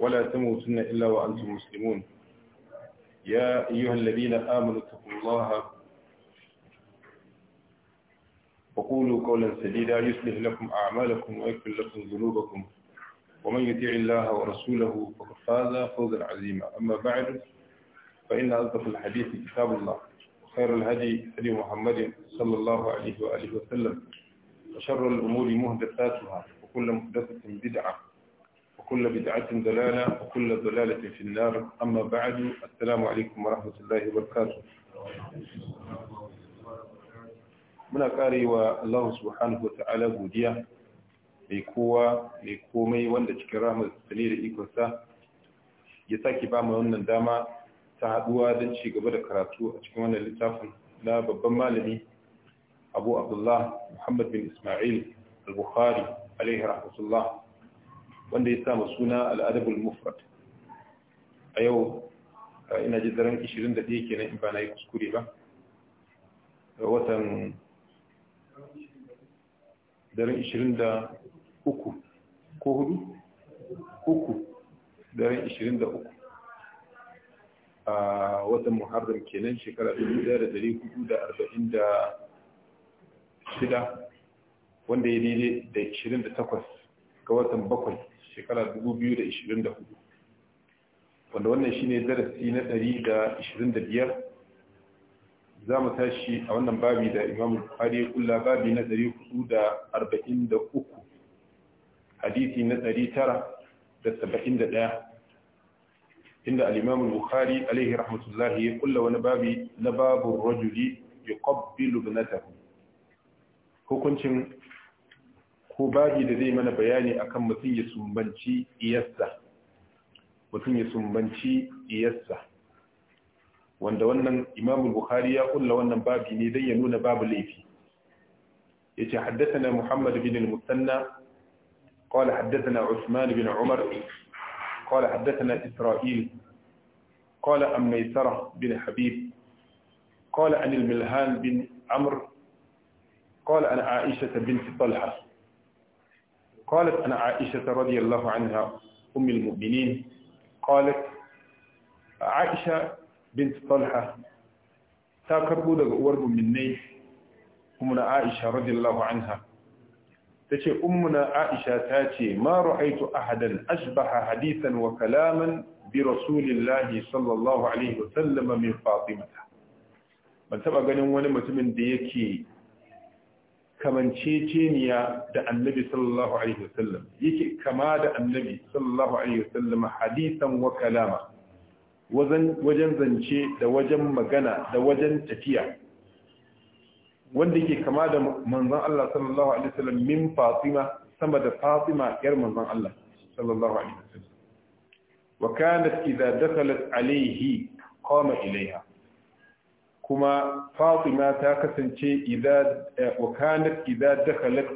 ولا تموتن إلا وأنتم مسلمون يا أيها الذين آمنوا اتقوا الله وقولوا قولا سديدا يصلح لكم أعمالكم ويكفر لكم ذنوبكم ومن يطيع الله ورسوله فقد فاز فوزا عظيما أما بعد فإن أصدق الحديث كتاب الله وخير الهدي هدي محمد صلى الله عليه وآله وسلم وشر الأمور مهدفاتها وكل محدثة بدعة وكل بدعة ضلالة وكل ضلالة في النار أما بعد السلام عليكم ورحمة الله وبركاته muna kare wa Allah subhanahu wa ta'ala godiya mai kowa mai komai wanda cikin rahmat sani da ikonsa ya sake ba mu wannan dama ta haduwa don ci gaba da karatu a cikin wannan littafin na babban malami Abu Abdullah Muhammad bin Ismail al-Bukhari alaihi rahmatullah wanda ya sama suna al'adabul mufrat a yau ina ji daren 21 kenan in ba na yi kuskure ba watan daren 23 ko hudu uku daren 23 a watan muharram kenan shekara 1446 wanda ya daidai da 28 ga watan bakwai shekara 2024 wanda wannan shine darasi na 125 za mu tashi a wannan babi da Imam Bukhari ya kulla babi na 443 hadisi na 971 inda al-Imam Bukhari alaihi rahmatullah ya kulla wani babi na babu rajuli yuqabbilu ibnatahu hukuncin ko babi da zai mana bayani akan mutum ya sumbanci iyassa mutum ya sumbanci iyassa wanda wannan imamu bukhari ya kulla wannan babi ne dan ya nuna babu laifi yace haddathana muhammad bin al-musanna qala haddathana usman bin umar qala haddathana isra'il qala an maysara bin habib قال an الملهان بن عمرو قال عن عائشة بنت طلحة قالت أنا عائشة رضي الله عنها أم المؤمنين قالت عائشة بنت طلحة تاكربو دغ uwar mu'minai ummuna Aisha radiyallahu anha tace ummuna Aisha tace ma ra'aytu ahadan ashbaha hadisan wa kalaman bi rasulillahi sallallahu alaihi wasallam min Fatima ban taba ganin wani mutumin da yake kamanceceniya da annabi sallallahu alaihi wasallam yake kama da annabi sallallahu alaihi wasallam hadisan wa kalama wajen zance da wajen magana da wajen tafiya wanda yake kama da manzon Allah sallallahu alaihi wasallam min Fatima sama da Fatima yar manzon Allah sallallahu alaihi wasallam wa kanat idha dakhalat alayhi qama ilayha kuma fatima ta kasance eh, wakanar kanat idza dakhalat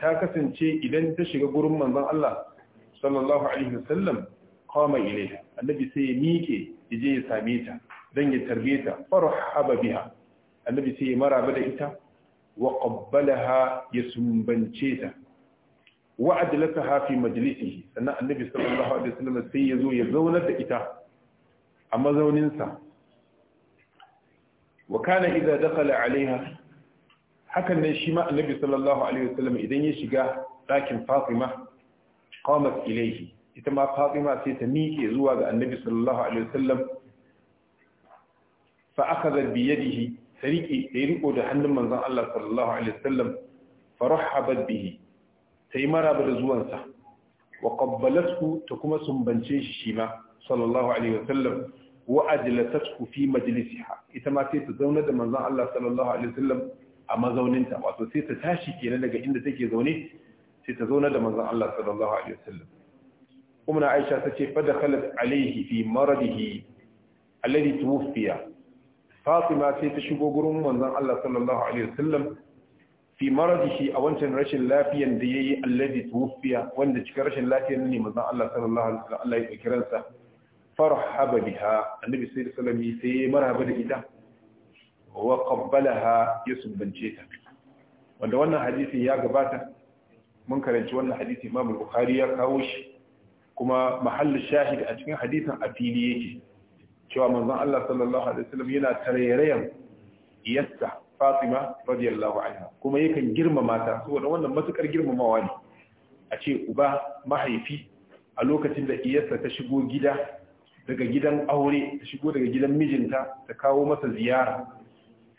ta kasance idan ta shiga gurin manzon Allah sallallahu alaihi wasallam qama ilayha annabi sai ya mike yaje ya same ta dan ya tarbe ta haba biya annabi sai ya maraba da ita wa ha ya sumbance ta wa adlataha fi majlisihi sannan annabi sallallahu alaihi wasallam sai ya zo ya zaunar da ita a mazauninsa wa kana idza dakhala alaiha hakan ne shi ma annabi sallallahu alaihi wasallam idan ya shiga ɗakin Fatima qamat ilayhi ita ma Fatima sai ta miƙe zuwa ga annabi sallallahu alaihi wasallam fa akhadha bi yadihi sariki da riko da hannun manzon Allah sallallahu alaihi wasallam farahabat bihi sai maraba da zuwansa wa qabbalathu ta kuma sumbance shi shi ma sallallahu alaihi wasallam wa ajlatathu fi majlisiha ita ma sai ta zauna da manzon Allah sallallahu alaihi wasallam a mazauninta wato sai ta tashi kenan daga inda take zaune sai ta zauna da manzon Allah sallallahu alaihi wasallam umma Aisha ta ce fa dakhalat alaihi fi maradihi alladhi tuwfiya Fatima sai ta shigo gurin manzon Allah sallallahu alaihi wasallam fi maradihi a wancan rashin lafiyan da yayi alladhi tuwfiya wanda cikin rashin lafiyan ne manzon Allah sallallahu alaihi wasallam Allah ya kiransa farhaba biha annabi sai da salami sai ya maraba da ita wa ya sumbance ta wanda wannan hadisin ya gabata mun karanci wannan hadisi Imam Bukhari ya kawo shi kuma mahallin shahid a cikin hadisin a fili yake cewa manzon Allah sallallahu alaihi wasallam yana tarayyarayan iyasta Fatima radiyallahu anha kuma yakan girmama ta saboda wannan matukar girmamawa ne a ce uba mahaifi a lokacin da iyarsa ta shigo gida daga gidan aure ta shigo daga gidan mijinta ta kawo masa ziyara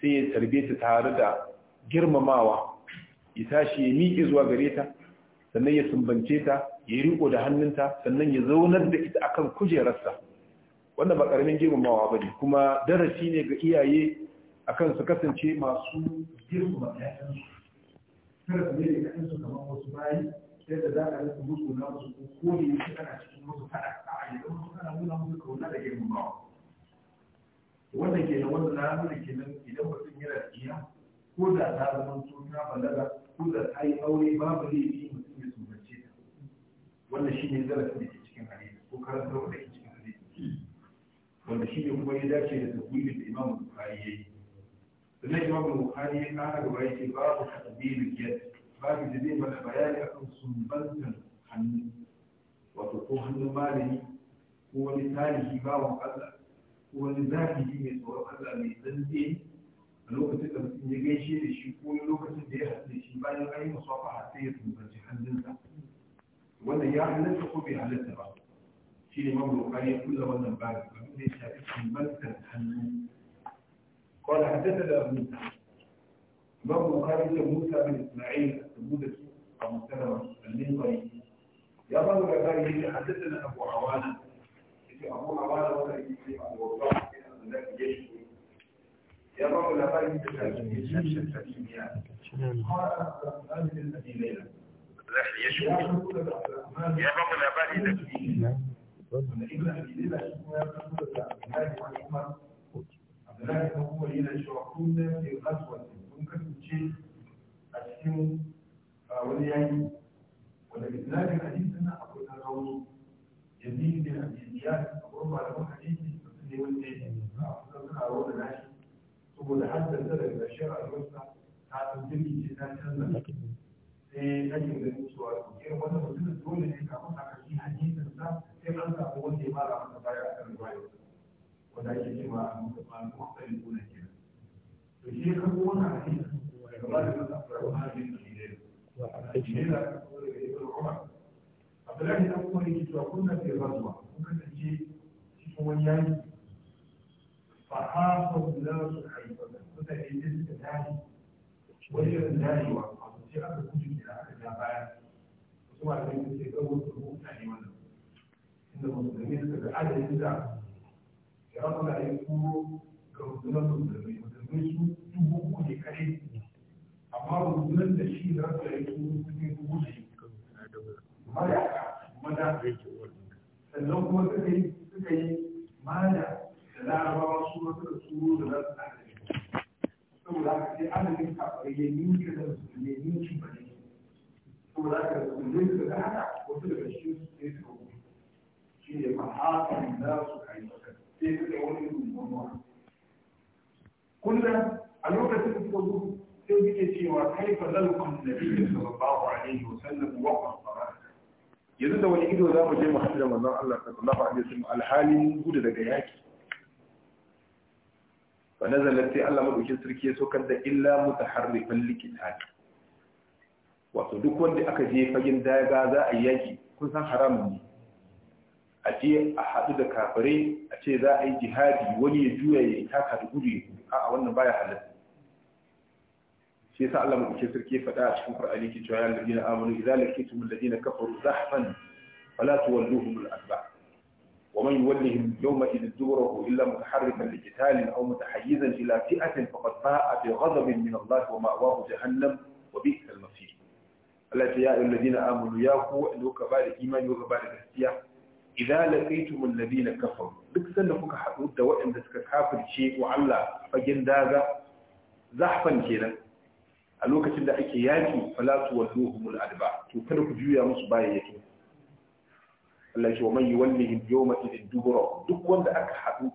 sai ya tarbe ta tare da girmamawa ya tashi ya miƙe zuwa gare ta sannan ya sumbance ta ya yi riko da hannunta sannan ya zaunar da ita akan kujerarsa wannan ba karamin girmamawa ba ne kuma darasi ne ga iyaye akan su kasance masu girmama 'ya'yansu kada ne da kamar wasu bayi yadda za a rasa musu na musu ko ne yake kana cikin musu kada a ayyukan musu kana nuna musu kauna da girman girmamawa wannan ke kenan wannan na nuna kenan idan mutum yana iya ko da ta zama ta balaga ko da ta yi aure babu laifi mutum ya sumbance ta wannan shi ne zarafin da ke cikin hadisi ko karantarwa da ke cikin hadisi wanda shi ne kuma ya dace da tafiyar da imamu bukari ya yi sannan imamu bukari ya kara gaba ya ce babu da yadda babu da zai mana bayani hannu wato ko hannun malami ko wani tarihi bawan Allah ko wani zahiri mai tsoron Allah mai a lokacin da mutum ya gaishe da shi ko lokacin da ya haɗu da shi bayan an yi a sai ya sumbanci hannunsa wannan ya halatta ko bai halatta ba shi ne mamluka ya kula wannan babu abin da ya shafi sumbantar hannu da abin ابن قال البخاري موسى بن إسماعيل السمودة أبو سلمة المنقري يا بعض الرجال حدثنا أبو عوانة أبو عوانة اللي يجي أبو وضاح لا يشكو يا بعض يا يشوف الحكيم يعني قال أهل الذي ليلة يشوي يا بعض يا رب أبي ليلى يا رب يا عمر يا رب بن عمر يا رب في غزوة sun kasance a cikin wani yayi wanda islamin hadisi na akwai na rauni yanzu da hadisiya akwai malaman hadisi da su ne wanda a kusan suna rauni na shi saboda haddasa daga shirar rayuwarsa ta tsantsiri ce ta canza sai ake ganin cewa irin wannan mutumin dole ne kafin a kashi hadisin sa sai an samu wanda ya mara masa baya a kan ruwa ruwayar wanda ake cewa a mutum a mutum a shi ka ko wani hadisi kamar da zan fara hadisi ne wa aisha Abdullahi dan Umar yake cewa kunna fi razwa kun kasance cikin wani yaki fa hafu nasu haifatan mutane da suka wani irin tashiwa a kuce aka kuce da aka ja baya wasu ma da yake gawo su mutane wannan inda musulmi suka ga adadin da ya rabu da ya kuro ga musulman musulmi wai su dubu uku ne kare amma rundunar da shi da rasa ya turu ne dubu ne mayaka maza sannan kuma suka yi suka yi mada da larabawa su wasu da su da za su tsada ne saboda haka sai adadin kafa ya ninka da su ne ninki ba ne saboda haka da su ne suka da haka wasu daga cikin su ne suka gudu shi ne fa haka da su kai sai suka yi wani rumbuwa kullum a lokacin da sai muke cewa kai fa zalkun da sallallahu alaihi wa sallam wa qasara yanzu da wani ido za mu je mu hada manzon Allah sallallahu alaihi wa sallam alhalin gudu daga yaki fa nazalat sai Allah madaukin sarki ya kan da illa mutaharrifan likitab wato duk wanda aka je fagin daga za a yaki kun san haramun ne a je a haɗu da kafirai a ce za a yi jihadi wani ya juya ya taka da gudu ya gudu a wannan baya halatta sai sa Allah mabuke sarki faɗa a cikin Qur'ani ke cewa ya ladina amanu idza lakitum alladina kafaru zahfan fala tuwalluhum al-adbar wa man yuwallihim yawma idh duburahu illa mutaharrifan liqitalin aw mutahayyizan ila fi'atin faqad ba'a bi ghadabin min Allah wa ma'wahu jahannam wa bi'sa al-masir Allah ya ayyuhal amanu ya ku an ka ba da imani wa ba da gaskiya idza laqitumul ladina kafaru duk sanda kuka hadu da waɗanda suka kafirce wa Allah fagen daga zahfan kenan a lokacin da ake yaki fala tuwalluhumul adba to kada ku juya musu bayayyaki Allah ce wa man wani yawma idin dubura duk wanda aka hadu.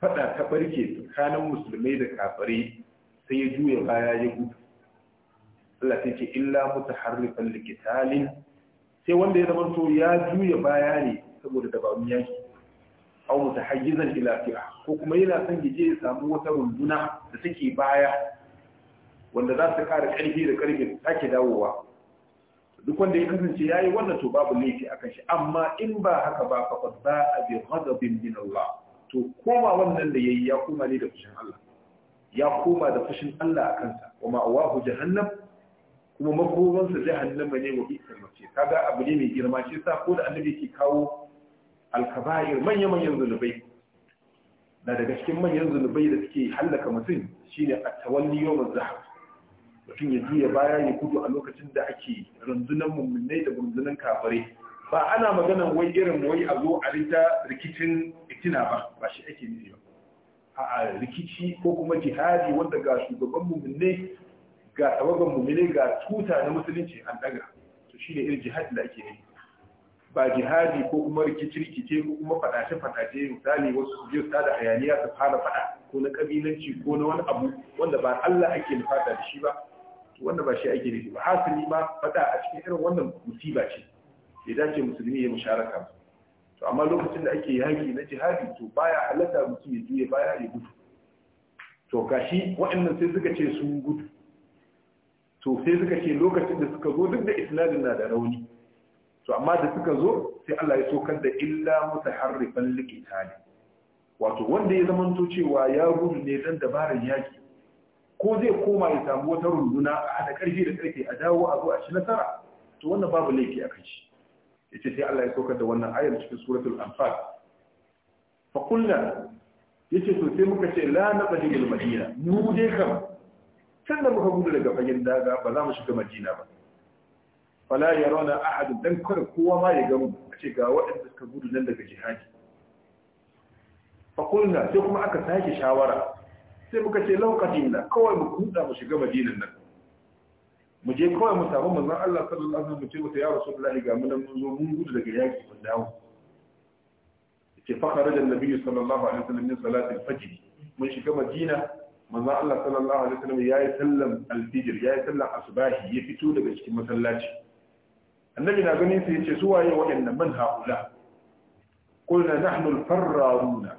fada ta barke tsakanin musulmai da kafirai sai ya juya baya ya gudu Allah sai ce illa mutaharrifan likitalin sai wanda ya zamanto ya juya baya ne saboda dabarun yaki au mutahayyizan ila fi'a ko kuma yana son je ya samu wata runduna da take baya wanda za su kara karfi da karfi take dawowa duk wanda ya kasance yi wannan to babu laifi akan shi amma in ba haka ba fa ba'a bi ghadabin min Allah to koma wannan da yayi ya koma ne da fushin Allah ya koma da fushin Allah akan sa kuma awahu jahannam kuma makoman su jahannama ne wa bi'sal masir kaga abu ne mai girma shi sa ko da annabi ke kawo alkaba'ir manya manyan zunubai Da daga cikin manyan zunubai da suke hallaka mutum shine at-tawalli yawm zahab mutum ya juya baya ya gudu a lokacin da ake rundunan mummunai da rundunan kafare ba ana maganan wai irin wai a zo a rita rikicin itina ba ba shi ake nufi ba a rikici ko kuma jihadi wanda ga shugaban mummunai ga tawagan mummune ga tuta na musulunci an daga to shine irin jihadi da ake yi ba jihadi ko kuma rikici-rikice ko kuma fadace-fadace misali wasu su je su tada hayaniya su fara fada ko na kabilanci ko na wani abu wanda ba Allah ake nufata da shi ba wanda ba shi ake nufi ba hasali ma fada a cikin irin wannan musiba ce ya dace musulmi ya musharaka to amma lokacin da ake yaki na jihadi to baya halatta mutum ya juye baya ya gudu to gashi waɗannan sai suka ce sun gudu to sai suka ce lokacin da suka zo duk da isnadin na da rauni to amma da suka zo sai Allah ya sokar da illa mutaharrifan liqitali wato wanda ya zamanto cewa ya gudu ne dan dabarar yaki ko zai koma ya samu wata runduna a hada karfi da karfe a dawo a zo a ci nasara to wannan babu laifi a kan shi yace sai Allah ya sokar da wannan ayar cikin suratul anfal fa qulna yace to sai muka ce la naqdi bil madina mu dai kama. tun da muka gudu daga fagen daga ba za mu shiga madina ba fala ya rauna ahadu dan kada kowa ma ya gamu a ce ga waɗanda suka gudu nan daga jihadi fakulna sai kuma aka sake shawara sai muka ce lokacin da kawai mu kuɗa mu shiga madinan nan mu je kawai mu samu manzon Allah sallallahu alaihi wasallam mu ce mata ya rasulullahi ga mun mun zo mun gudu daga yaki mun dawo ce fa da nabi sallallahu alaihi wasallam ne salati fajr mun shiga madina manzo Allah sallallahu alaihi wasallam yayi sallan alfijir yayi sallan asbahi ya fito daga cikin masallaci annabi na ganin sai yace su waye waɗannan man haula qulna nahnu alfarraruna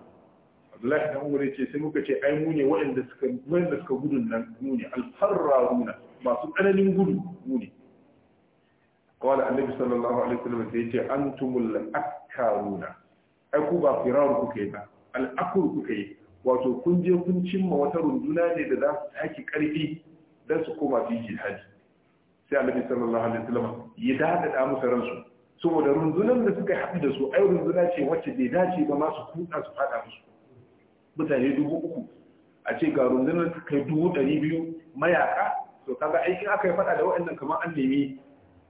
Abdullahi dan Umar ce sai muka ce ai mu ne waɗanda suka waɗanda suka gudun nan mu ne alfarraruna masu tsananin gudu mu ne Annabi sallallahu alaihi قال النبي صلى الله عليه وسلم سيتي أنتم الأكارون ba, بفرار كيبا الأكر yi. wato kun je kun cimma wata runduna ne da za su taki karfi don su koma fi jihadi sai annabi sallallahu alaihi wasallam ya dada da musu ransu saboda rundunar da suka haɗu da su ai runduna ce wacce bai dace ba ma su kuɗa su faɗa musu mutane dubu uku a ce ga rundunar ta kai dubu ɗari biyu mayaka to kaga aikin aka yi faɗa da waɗannan kamar an nemi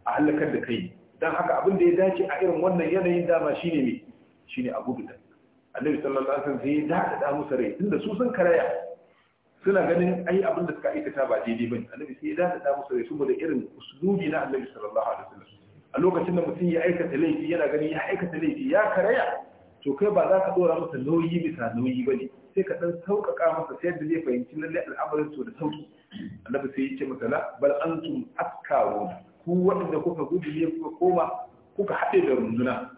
a halakar da kai don haka abin da ya dace a irin wannan yanayin dama shine ne shine a gudu da annabi sallallahu alaihi wasallam sai ya da musu rai tunda su sun karaya suna ganin ai abin da suka aikata ba daidai bane annabi sai ya da musu rai saboda irin uslubi na annabi sallallahu alaihi wasallam a lokacin da mutum ya aikata laifi yana ganin ya aikata laifi ya karaya to kai ba za ka dora masa nauyi bisa nauyi bane sai ka dan sauƙaƙa masa sai da zai fahimci lalle al'amarin to da sauki annabi sai ya ce masa la bal antum askaru ku wanda kuka gudu ne kuka koma kuka haɗe da runduna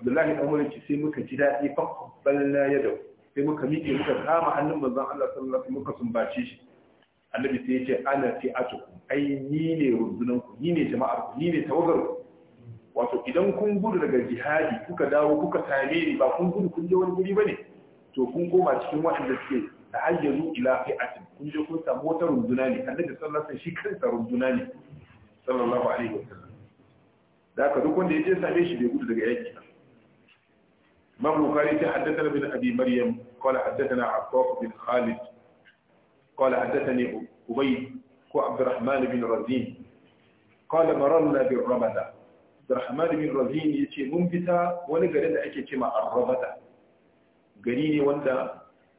abdullahi dan wurin sai muka ji daɗi fa ya yadau sai muka miƙe muka kama hannun manzon Allah sallallahu alaihi muka sumbace shi annabi sai ya ce ana fi atukum ai ni ne rundunan ku ni ne jama'ar ku ni ne tawagar ku wato idan kun gudu daga jihadi kuka dawo kuka same ni ba kun gudu kun je wani guri bane to kun koma cikin waɗanda suke tahayyazu ila fi'atin kun je kun samu wata runduna ne annabi sallallahu alaihi shi kansa runduna ne sallallahu alaihi wasallam da haka duk wanda ya je same shi bai gudu daga yaki من بخاري حدثنا بن أبي مريم قال حدثنا عطاف بن خالد قال حدثني أبي وعبد الرحمن بن رزين قال مررنا بالرمدة عبد الرحمن بن رزين يتي منبتا ولقل لأك كما الرمدة قريني وانت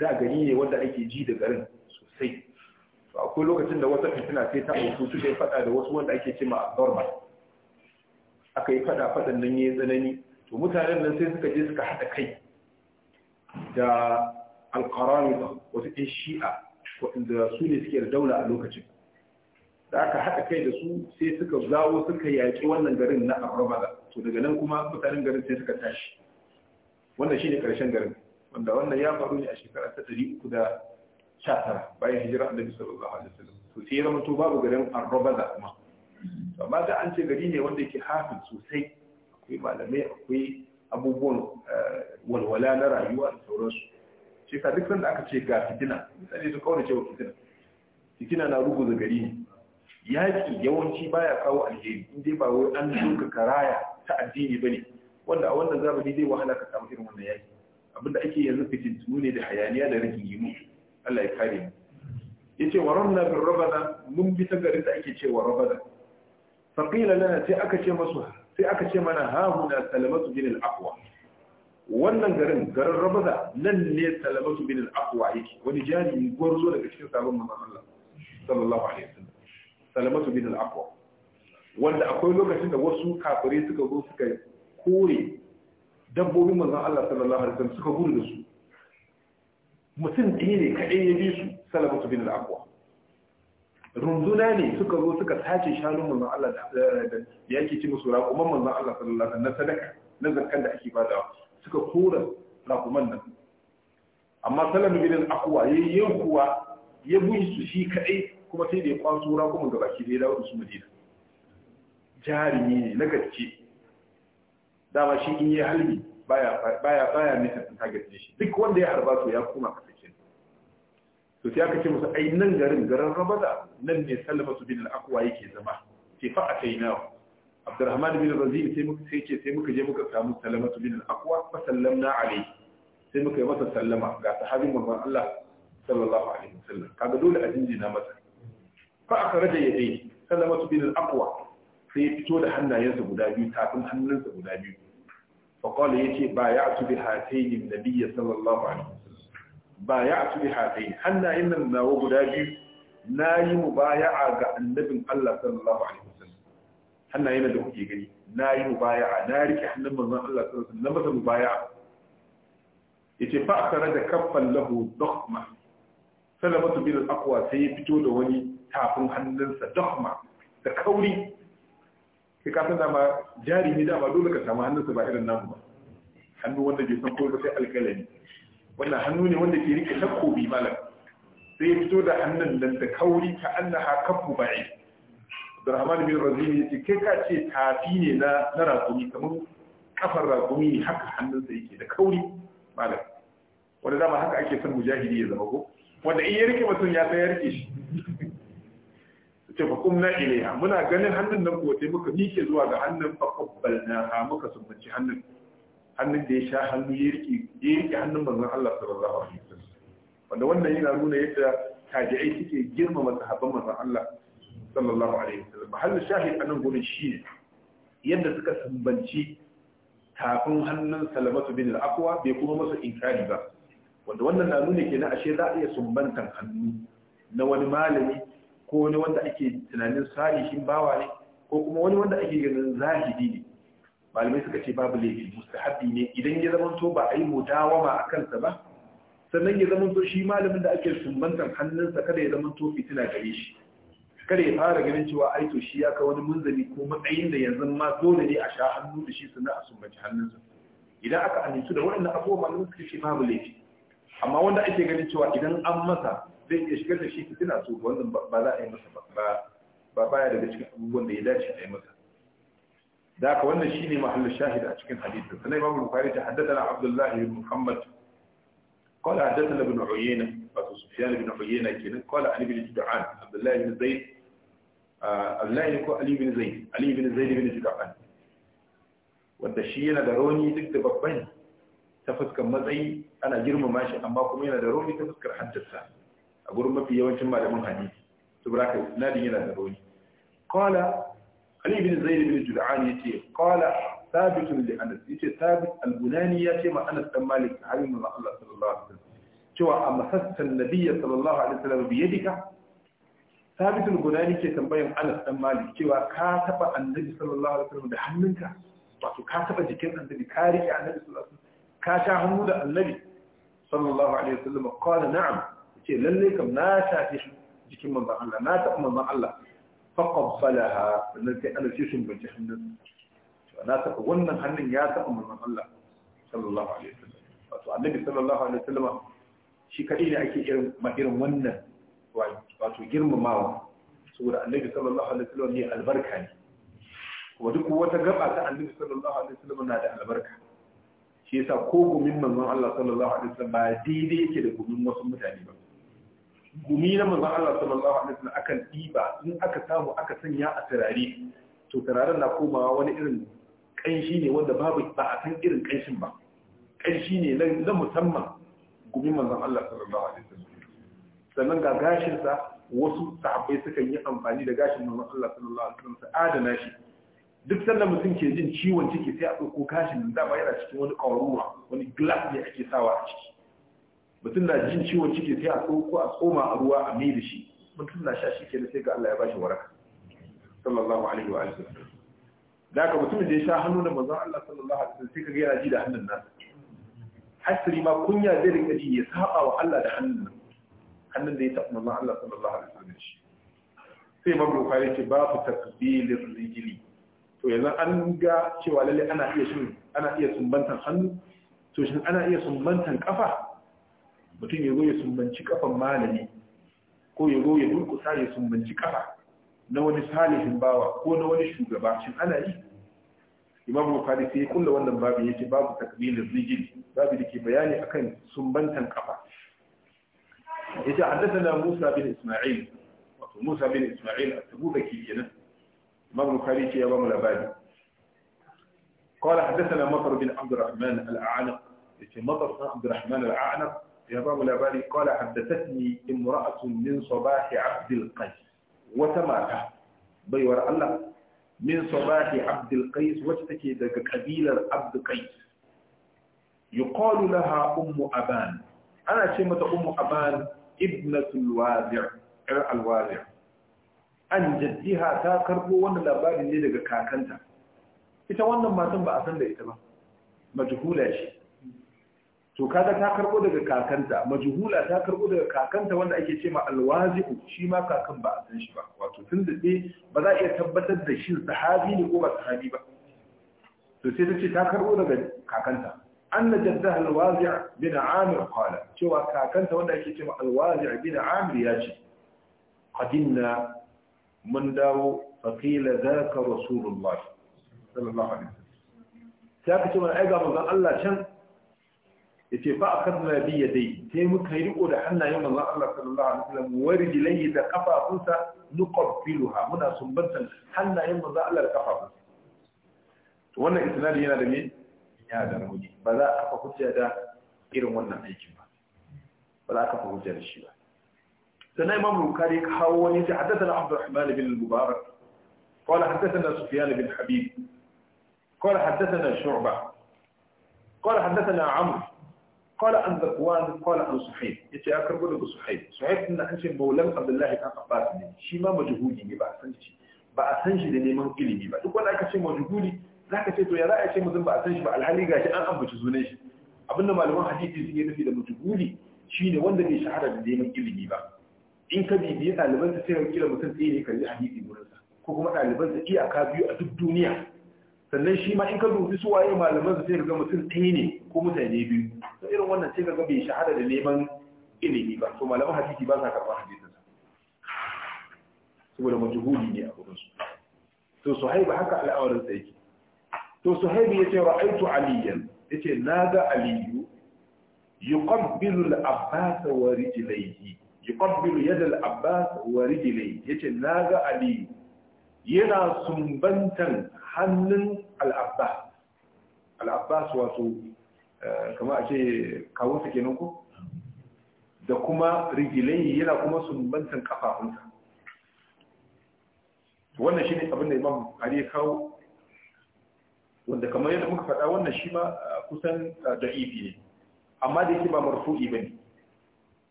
دا قريني وانت أكي جيد قرن سوسي فأقول لك تند وتفتنا تيتا وفوتو شيء فتا دا وسوان أكي كما الضرمة أكي فتا فتا ننيزنني to mutanen nan sai suka je suka haɗa kai da alƙararwa wasu ɗin shi'a waɗanda su ne suke da daula a lokacin da aka haɗa kai da su sai suka zawo suka yaƙi wannan garin na arabada to daga nan kuma mutanen garin sai suka tashi wannan shi ne ƙarshen garin wanda wannan ya faru ne a shekara ta ɗari uku da sha tara bayan hijira annabi sallallahu alaihi wasallam to sai ya zama to babu garin arabada kuma amma da an ce gari ne wanda yake hafin sosai akwai malamai akwai abubuwan eh, walwala na rayuwa da sauransu shi ka duk sanda aka ce ga fitina mutane su kawai cewa fitina fitina na ruguza gari ne yaƙi yawanci baya kawo alheri in dai ba wai an duka karaya ta addini bane wanda a wannan zamani zai wahala ka samu irin wannan yaƙi abinda ake yanzu tunu ne da hayaniya da rikin mu. Allah ya kare mu yace wa na bin rabada mun bi ta garin da ake cewa rabada faqila lana sai aka ce masu sai aka ce mana hahuna salamatu bin al-aqwa wannan garin garin rabaza nan ne salamatu bin al-aqwa yake wani jari gwarzo daga cikin sabon manzon Allah sallallahu alaihi wasallam salamatu bin al-aqwa wanda akwai lokacin da wasu kafire suka zo suka kore dabbobin manzon Allah sallallahu alaihi wasallam suka gudu da su mutum ɗaya ne kaɗai ya bi su salamatu bin al-aqwa runduna ne suka zo suka sace shanun manzon Allah da yake ci musu raƙuman manzon Allah sallallahu alaihi na sadaka na zakkan da ake badawa suka kora raƙuman nan amma salamu bin akwa yayi yankuwa ya bi su shi kadai kuma sai da ya kwaso raƙuman da baki da ya dawo su Madina jarumi ne na gaske dama shi in yi halbi baya baya baya ne target shi duk wanda ya harba to ya koma to sai aka ce musu ai nan garin garin rabada nan ne salama su bin al'akwa yake zama sai fa a kai nawa abdurrahman bin razi sai muka sai ce sai muka je muka samu salama su bin al'akwa fa sallamna alai sai muka yi masa sallama ga sahabin manzon Allah sallallahu alaihi wasallam kaga dole a jinjina masa fa aka rada ya dai salama su bin al'akwa sai fito da hannayensa guda biyu tafin hannunsa guda biyu fa qala yace ba ya ya'tu bi hatayn nabiyyi sallallahu alaihi ba ya a tuli haɗe hannayen nan nawa guda biyu na yi mu baya'a ga annabin Allah sallallahu alaihi wasallam hannayen da kuke gani na yi mu baya'a na rike hannun manzon Allah sallallahu alaihi wasallam na masa mu baya'a ce fa akara da kaffan lahu dakhma su bin aqwa sai ya fito da wani tafin hannunsa dogma da kauri sai ka san dama jari ne dama dole ka samu hannunsa ba irin namu ba hannu wanda bai san ko sai alkalami wannan hannu ne wanda ke rike takobi malam sai ya fito da hannun nan da kauri ka annaha kafu ba'i Abdurrahman bin Razini ce, kai ka ce tafi ne na na rakumi kamar kafar rakumi ne haka hannunsa yake da kauri malam wanda dama haka ake son mujahidi ya zama ko wanda in ya rike mutum ya sai ya rike shi ce fa kumna muna ganin hannun nan ko sai muka mike zuwa ga hannun fa qabbalna muka sumbaci hannun hannun da ya sha hannu ya riƙe hannun manzon Allah sallallahu alaihi wasallam wanda wannan yana nuna yadda tabi'ai suke girmama sahabban manzon Allah sallallahu alaihi wasallam mahallin shahid anan gurin shine yadda suka sambanci tafin hannun salamatu bin al-aqwa bai kuma masa inkari ba wanda wannan na nuna kenan ashe za a iya sumbantan hannu na wani malami ko wani wanda ake tunanin salihin bawa ne ko kuma wani wanda ake ganin zahidi ne malamai suka ce babu laifi mustahabi ne idan ya zama to ba a yi ba a kansa ba sannan ya zama to shi malamin da ake sumbantar hannunsa kada ya zama to fitina gare shi kada ya fara ganin cewa ai to shi ya ka wani munzali ko matsayin da yanzu ma dole ne a sha hannu da shi sannan a sumbanci hannunsa idan aka amintu da waɗannan abubuwa malamai suka ce babu laifi amma wanda ake ganin cewa idan an masa zai iya shigar da shi fitina to wannan ba za a yi masa ba ba baya daga cikin abubuwan da ya dace a yi masa ذاك وانا شيني محل الشاهد اشكن حديثه فانا امام البخاري تحدثنا عبد الله بن محمد قال حدثنا ابن عيينة أبو سفيان بن عيينة كذا قال علي بن جدعان عبد الله بن زيد عبد الله يكون علي بن زيد علي بن زيد بن جدعان wanda shi yana da rauni duk da babban ta fuskar matsayi ana girmama shi amma kuma yana da rauni ta fuskar haddasa a gurin mafi yawancin malamin hadisi saboda haka nadin yana da rauni qala Ali bin Zaid bin Jud'an yace qala thabit li Anas yace thabit al-Bunani yace ma Anas dan Malik sahabi manzo Allah sallallahu alaihi wasallam cewa amasatta an-nabiy sallallahu alaihi wasallam bi yadika thabit al-Bunani ke tambayan Anas dan Malik cewa ka taba annabi sallallahu alaihi wasallam da hannunka wato ka taba jikin annabi ka rike annabi sallallahu alaihi wasallam ka sha hannu da annabi sallallahu alaihi wasallam qala na'am yace lalle kam na shafe jikin manzo Allah na taba manzo Allah faqabbalaha sannan sai annabi sun bace hannun na taɓa wannan hannun ya taɓa manzon Allah sallallahu alaihi wasallam wato annabi sallallahu alaihi wasallam shi kadai ne ake irin ma irin wannan wato girmamawa saboda annabi sallallahu alaihi wasallam ne albarka ne kuma duk wata gaba ta annabi sallallahu alaihi wasallam na da albarka shi yasa ko gumin manzon Allah sallallahu alaihi wasallam ba daidai yake da gumin wasu mutane ba gumi na manzon Allah sallallahu alaihi wasallam akan diba in aka samu aka sanya a turare to turaren na komawa wani irin kanshi ne wanda babu ba a san irin kanshin ba kanshi ne na musamman gumi manzon Allah sallallahu alaihi wasallam sannan ga gashin sa wasu sahabbai sukan yi amfani da gashin manzon Allah sallallahu alaihi wasallam su adana shi duk sannan mutum ke jin ciwon ciki sai a ɗauko gashin da ba yana cikin wani ƙaruwa wani glass ne ake sawa a ciki mutum na jin ciwon ciki sai a tsoko a tsoma a ruwa a mai da shi mutum na sha shi kenan sai ga Allah ya bashi waraka sallallahu alaihi wa alihi da ka mutum da ya sha hannu da manzon Allah sallallahu alaihi wasallam sai kaga yana ji da hannun nan hasri ma kunya zai rinka ji ya saba wa Allah da hannun nan hannun da ya taɓa manzon Allah sallallahu alaihi wasallam shi sai Imam Bukhari ce ku takbilir rijli to yanzu an ga cewa lalle ana iya shin ana iya sumbantan hannu to shin ana iya sumbantan kafa mutum ya zo ya sumbanci kafan malami ko ya zo ya durkusa ya sumbanci kafa na wani salihin bawa ko na wani shugaba shin ana yi imam bukhari sai kulla wannan babu yake babu takbilir rijil babu dake bayani akan sumbantan kafa yace haddathana Musa bin Isma'il wato Musa bin Isma'il at-Tabuzaki kenan imam bukhari ce ya bamu labari قال حدثنا مطر بن عبد الرحمن الأعنق يتي مطر بن عبد الرحمن الأعنق ya ba labari qala haddathatni imra'atun min sabah abd qais wata mata baiwar Allah min sabah abd al-qais wacce take daga kabilar abd qais yuqalu laha ummu aban ana ce mata ummu aban ibnatul wadi' ir al an jaddiha ta karbo wannan labarin ne daga kakanta ita wannan matan ba a san da ita ba majhula shi to kaga ta karbo daga kakanta majhula ta karbo daga kakanta wanda ake cewa Alwaziku. shi ma kakan ba a san shi ba wato tun da ba za a iya tabbatar da shi sahabi ne ko ba sahabi ba to sai ta ce ta karbo daga kakanta anna jaddaha alwazi' bin amir qala cewa kakanta wanda ake cewa alwazi' bin amir ya ce qadinna mun dawo faqila zaka rasulullah sallallahu alaihi wasallam sai ka ce mana ai ga manzon Allah can yace fa akadna bi yadai sai muka yi riko da hannayen manzon Allah sallallahu alaihi wasallam wa rijlaihi da kafafunsa nuqabbiluha muna sumbantan hannayen manzon Allah da kafafunsa to wannan isnadi yana da me ya da rauni ba za a kafa hujja da irin wannan aikin ba ba za a kafa hujja da shi ba sannan imam bukhari kawo wani ta haddathana abdurrahman bin mubarak qala haddathana sufyan bin habib qala haddathana shu'ba qala haddathana amr قال عن ذكوان قال عن صحيح يتي أكر قد صحيح صحيح إن أنت مولان عبد الله كان أباس لي شي ما مجهولي ني بأسنشي بأسنشي da من ilimi با duk wanda aka ce majhuli zaka ce to ya za ce mutum ba a san shi ba alhali gashi an ambaci sunan Abin da malaman hadisi suke nufi da majhuli ne wanda bai shahara da neman ilimi ba in ka bibiyi ɗaliban sa sai kira mutum tsaye ne kalli hadisi gurin ko kuma ɗaliban sa iyaka biyu a duk duniya sannan shi ma in ka dubi su waye malaman sa sai ga mutum ɗaya ne ko mutane biyu to irin wannan sai kaga bai shahara da neman ilimi ba to malaman hadisi ba sa karɓar hadisinsa saboda majhuli ne a gurin su to suhaibu haka al'awarin sa yake to suhaibu yace ra'aitu aliyan na ga aliyu yuqabbilu al-abbas wa rijlayhi yuqabbilu yad al-abbas wa rijlayhi na ga aliyu yana sumbantan hannun al-abbas al-abbas wato Eh, kama a ce kawunsa kenan ko da kuma rigilai yana kuma sumbantan kafafunsa wannan shi ne abin da imam har ya kawo wanda kamar yadda muka faɗa wannan shi ma eh, kusan eh, da ibi ne amma da yake ba marfu ba ne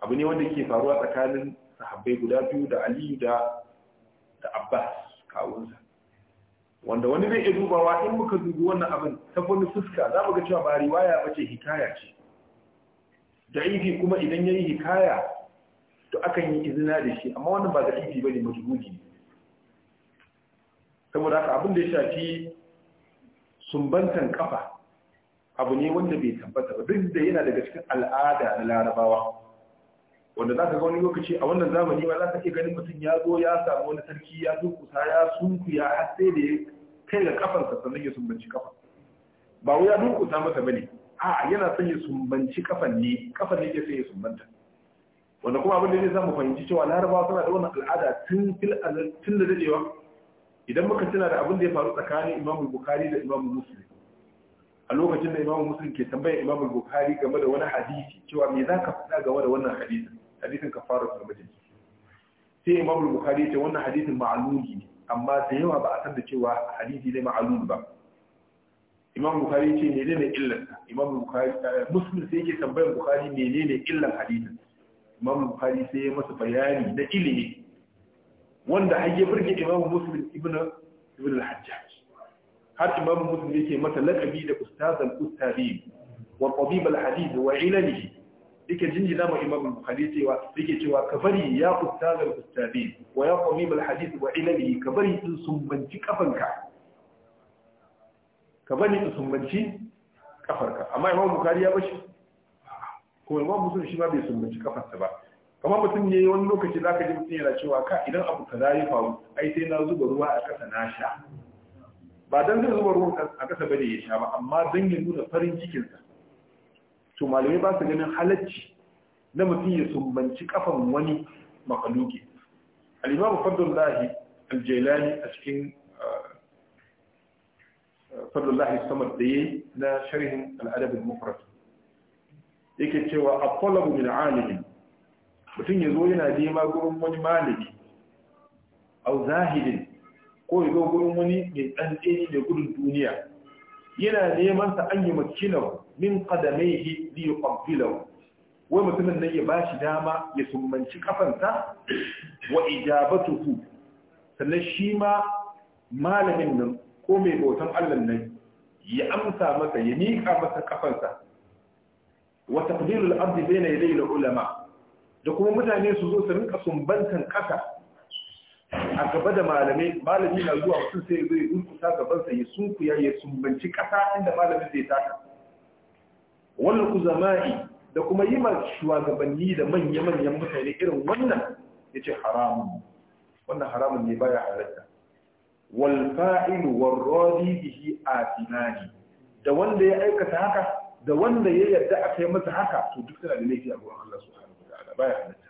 abu ne wanda ke faruwa tsakanin sahabbai guda biyu da aliyu da abbas kawunsa wanda wani zai iya dubawa in muka dubi wannan abin ta wani fuska za mu ga cewa ba riwaya ba ce hikaya ce da da'ifi kuma idan ya yi hikaya to akan yi izina da shi amma wannan ba da'ifi ba ne majhuli saboda haka abin da ya shafi sumbantan kafa abu ne wanda bai tabbata ba duk da yana daga cikin al'ada na larabawa wanda za ka ga wani lokaci a wannan zamani ba za ka iya ganin mutum ya zo ya samu wani sarki ya kusa, ya sunkuya har sai da ya. kai ga kafansa sannan ya sumbanci kafa ba wuya ta masa bane a yana son ya sumbanci kafan ne kafan ne ke sai ya sumbanta wanda kuma abin da zai samu fahimci cewa larabawa suna da wannan al'ada tun tun da dadewa idan muka tuna da abin da ya faru tsakanin imamu bukhari da imamu muslim a lokacin da imamu muslim ke tambayar imamu bukhari game da wani hadisi cewa me za ka faɗa game da wannan hadisin hadisin kafarar da majalisi sai imamu bukhari ya ce wannan hadisin ma'alumi ne amma da yawa ba a san da cewa hadisi ne ma'alul ba imam bukhari ce menene illan imam bukhari eh, muslim sai yake tambayar bukhari menene illan hadisin imam bukhari sai ya masa bayani da ilimi wanda har ya burge imam muslim ibn ibn al-hajjaj har imam muslim yake masa laqabi da ustaz al-ustadin wa tabib al-hadith wa ilmihi dike jinjina ma imam bukhari cewa dike cewa kabari ya ustaz al ustabi wa ya qamim al hadith wa ilmihi kabari din sumbanci kafanka kabari din sumbanci kafarka amma imam bukhari ya bashi ko imam muslim shi ma bai sumbanci kafarsa ba kamar mutum ne wani lokaci zaka ji mutum yana cewa ka idan abu kaza ya faru ai sai na zuba ruwa a kasa na sha ba dan zuba ruwan a kasa bane ya sha ba amma dan ya nuna farin sa to malamai ba su ganin halacci na mutum ya sumbanci kafan wani makaluki al-imam fadlullahi a cikin uh, uh, fadlullahi samar da ya na sharhin Al'adar adab yake cewa a talabu min mutum ya zo yana nema gurin wani malibi a zahidin ko ya zo gurin wani mai ɗanɗeni mai gudun duniya yana neman sa an yi makinahu min qadamaihi li yuqabbilahu wai mutumin nan ya bashi dama ya sumbanci kafansa wa ijabatuhu sannan shi ma malamin nan ko mai bautan Allah nan ya amsa masa ya miƙa masa kafansa wa taqdirul abdi bayna yadayil ulama da kuma mutane su zo su rinka sumbantan kasa a gaba da malami malami na zuwa mutum sai zai dunkusa gabansa ya sunkuya ya sumbanci kasa inda malamin zai taka wal kuzama'i da kuma yi ma shugabanni da manya-manyan mutane irin wannan ya ce haramun wannan haramun ne baya halatta wal fa'ilu wal radi bihi atinani da wanda ya aikata haka da wanda ya yarda a kai masa haka to duk tana da laifi a gurin Allah subhanahu wa ta'ala baya halatta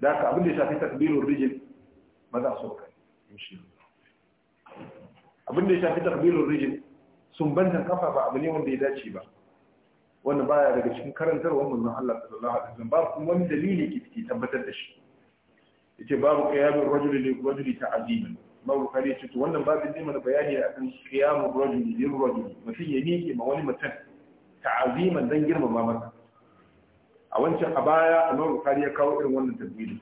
da haka abin da ya shafi takbirin rijin, maza so kai insha abin da ya shafi takbirin rijin, sun banta kafa ba abu ne wanda ya dace ba wanda baya daga cikin karantarwar manzon Allah sallallahu alaihi wasallam babu kuma wani dalili ke fiti tabbatar da shi yace babu qiyamul rajuli li rajuli ma babu kare ce to wannan babu ne mana bayani akan qiyamul rajuli li rajuli mutum ya ke ma wani mutum ta'ziman dan girmama masa a wancan a baya Imam Bukhari ya kawo irin wannan tabbili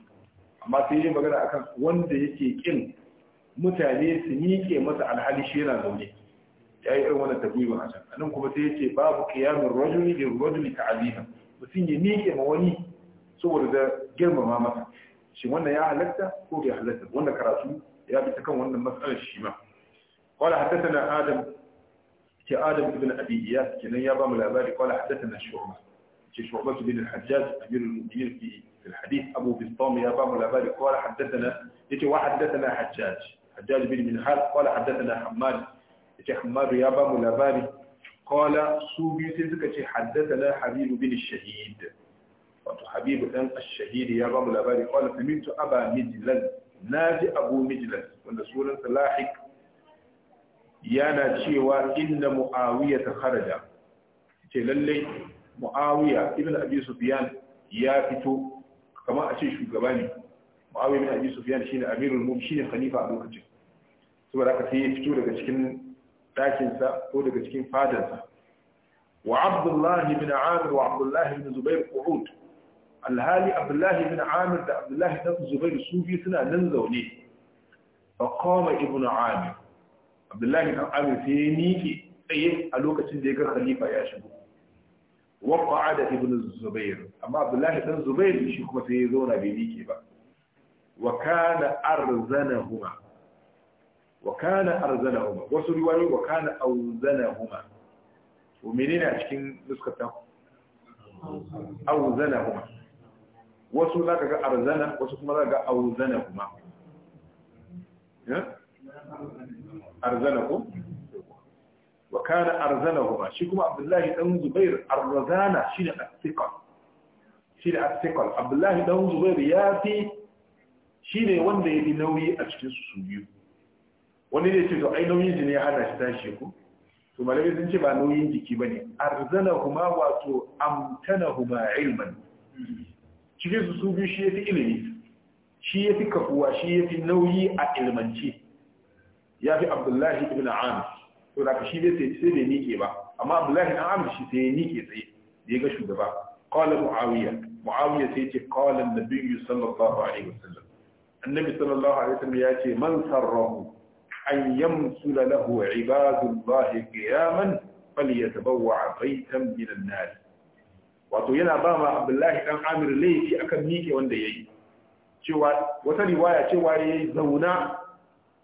amma sai yin magana akan wanda yake kin mutane su nike masa alhali shi yana zaune ya yi irin wannan tafiyin a can anan kuma sai ya ce babu kiyamin rajuli da rajuli ta azima mutum ya miƙe ma wani saboda da ma masa shi wannan ya halatta ko bai halatta wanda karatu ya bi ta kan wannan matsalar shi ma qala haddathana adam ce adam ibn abi iyas kenan ya ba mu labari qala haddathana shu'ba ce shu'ba bin al-hajjaj amir al-mu'minin fi الحديث أبو بسطام يا باب الأبالي قال حدثنا يتي وحدثنا حجاج حجاج بن منهال قال حدثنا حماد yace Hammaru ya ba mu labari qala su biyu sai suka ce haddathana Habib bin Shahid wato Habib dan ash ya ba mu labari qala sami'tu Aba Mijlan naji Abu Mijlan wanda sunan Salahik yana cewa inna Muawiya ta kharaja ce lalle Muawiya ibn Abi Sufyan ya fito kamar a ce shugaba ne amirul khalifa a lokacin saboda haka sai ya fito daga cikin Dakinsa ko daga cikin fadarsa wa abdullahi bin amir wa abdullahi bin zubair qu'ud alhali abdullahi bin amir da abdullahi bin zubair su bi suna nan zaune fa qama Ibn amir abdullahi bin amir sai ya miƙe tsaye a lokacin da ya ga khalifa ya shigo wa qa'ada Ibn zubair amma abdullahi bin zubair shi kuma sai ya zauna bai miƙe ba wa kana arzanahuma wa kana arzanahuma wasu riwayoyi wa kana auzanahuma to menene a cikin nuskar ta auzanahuma wasu zaka ga arzana wasu kuma zaka ga auzanahuma arzanahu wa kana arzanahuma shi kuma abdullahi dan zubair arzana shine athiqal shine athiqal abdullahi dan zubair ya fi shine wanda ya fi nauyi a cikin su biyu wani zai ce to ai nauyin jini ya hana shi tashi ku to malamai sun ce ba nauyin jiki bane arzana huma wato amtana huma ilman cikin su su biyu shi yafi ilimi shi yafi kafuwa shi yafi nauyi a ilmanci. Ya fi abdullahi ibn Amir. to da shi bai sai bai nike ba amma abdullahi ibn Amir shi sai ya nike tsaye da ya ga shugaba qala muawiya muawiya sai ce qala an-nabi sallallahu alaihi wasallam annabi sallallahu alaihi wasallam ya ce man sarrahu أن يمثل له عباد الله قياما فليتبوع بيتا من النار wato yana ba ma abdullahi Ɗan amir laifi akan miƙe wanda ya yi wata riwaya cewa ya yi zauna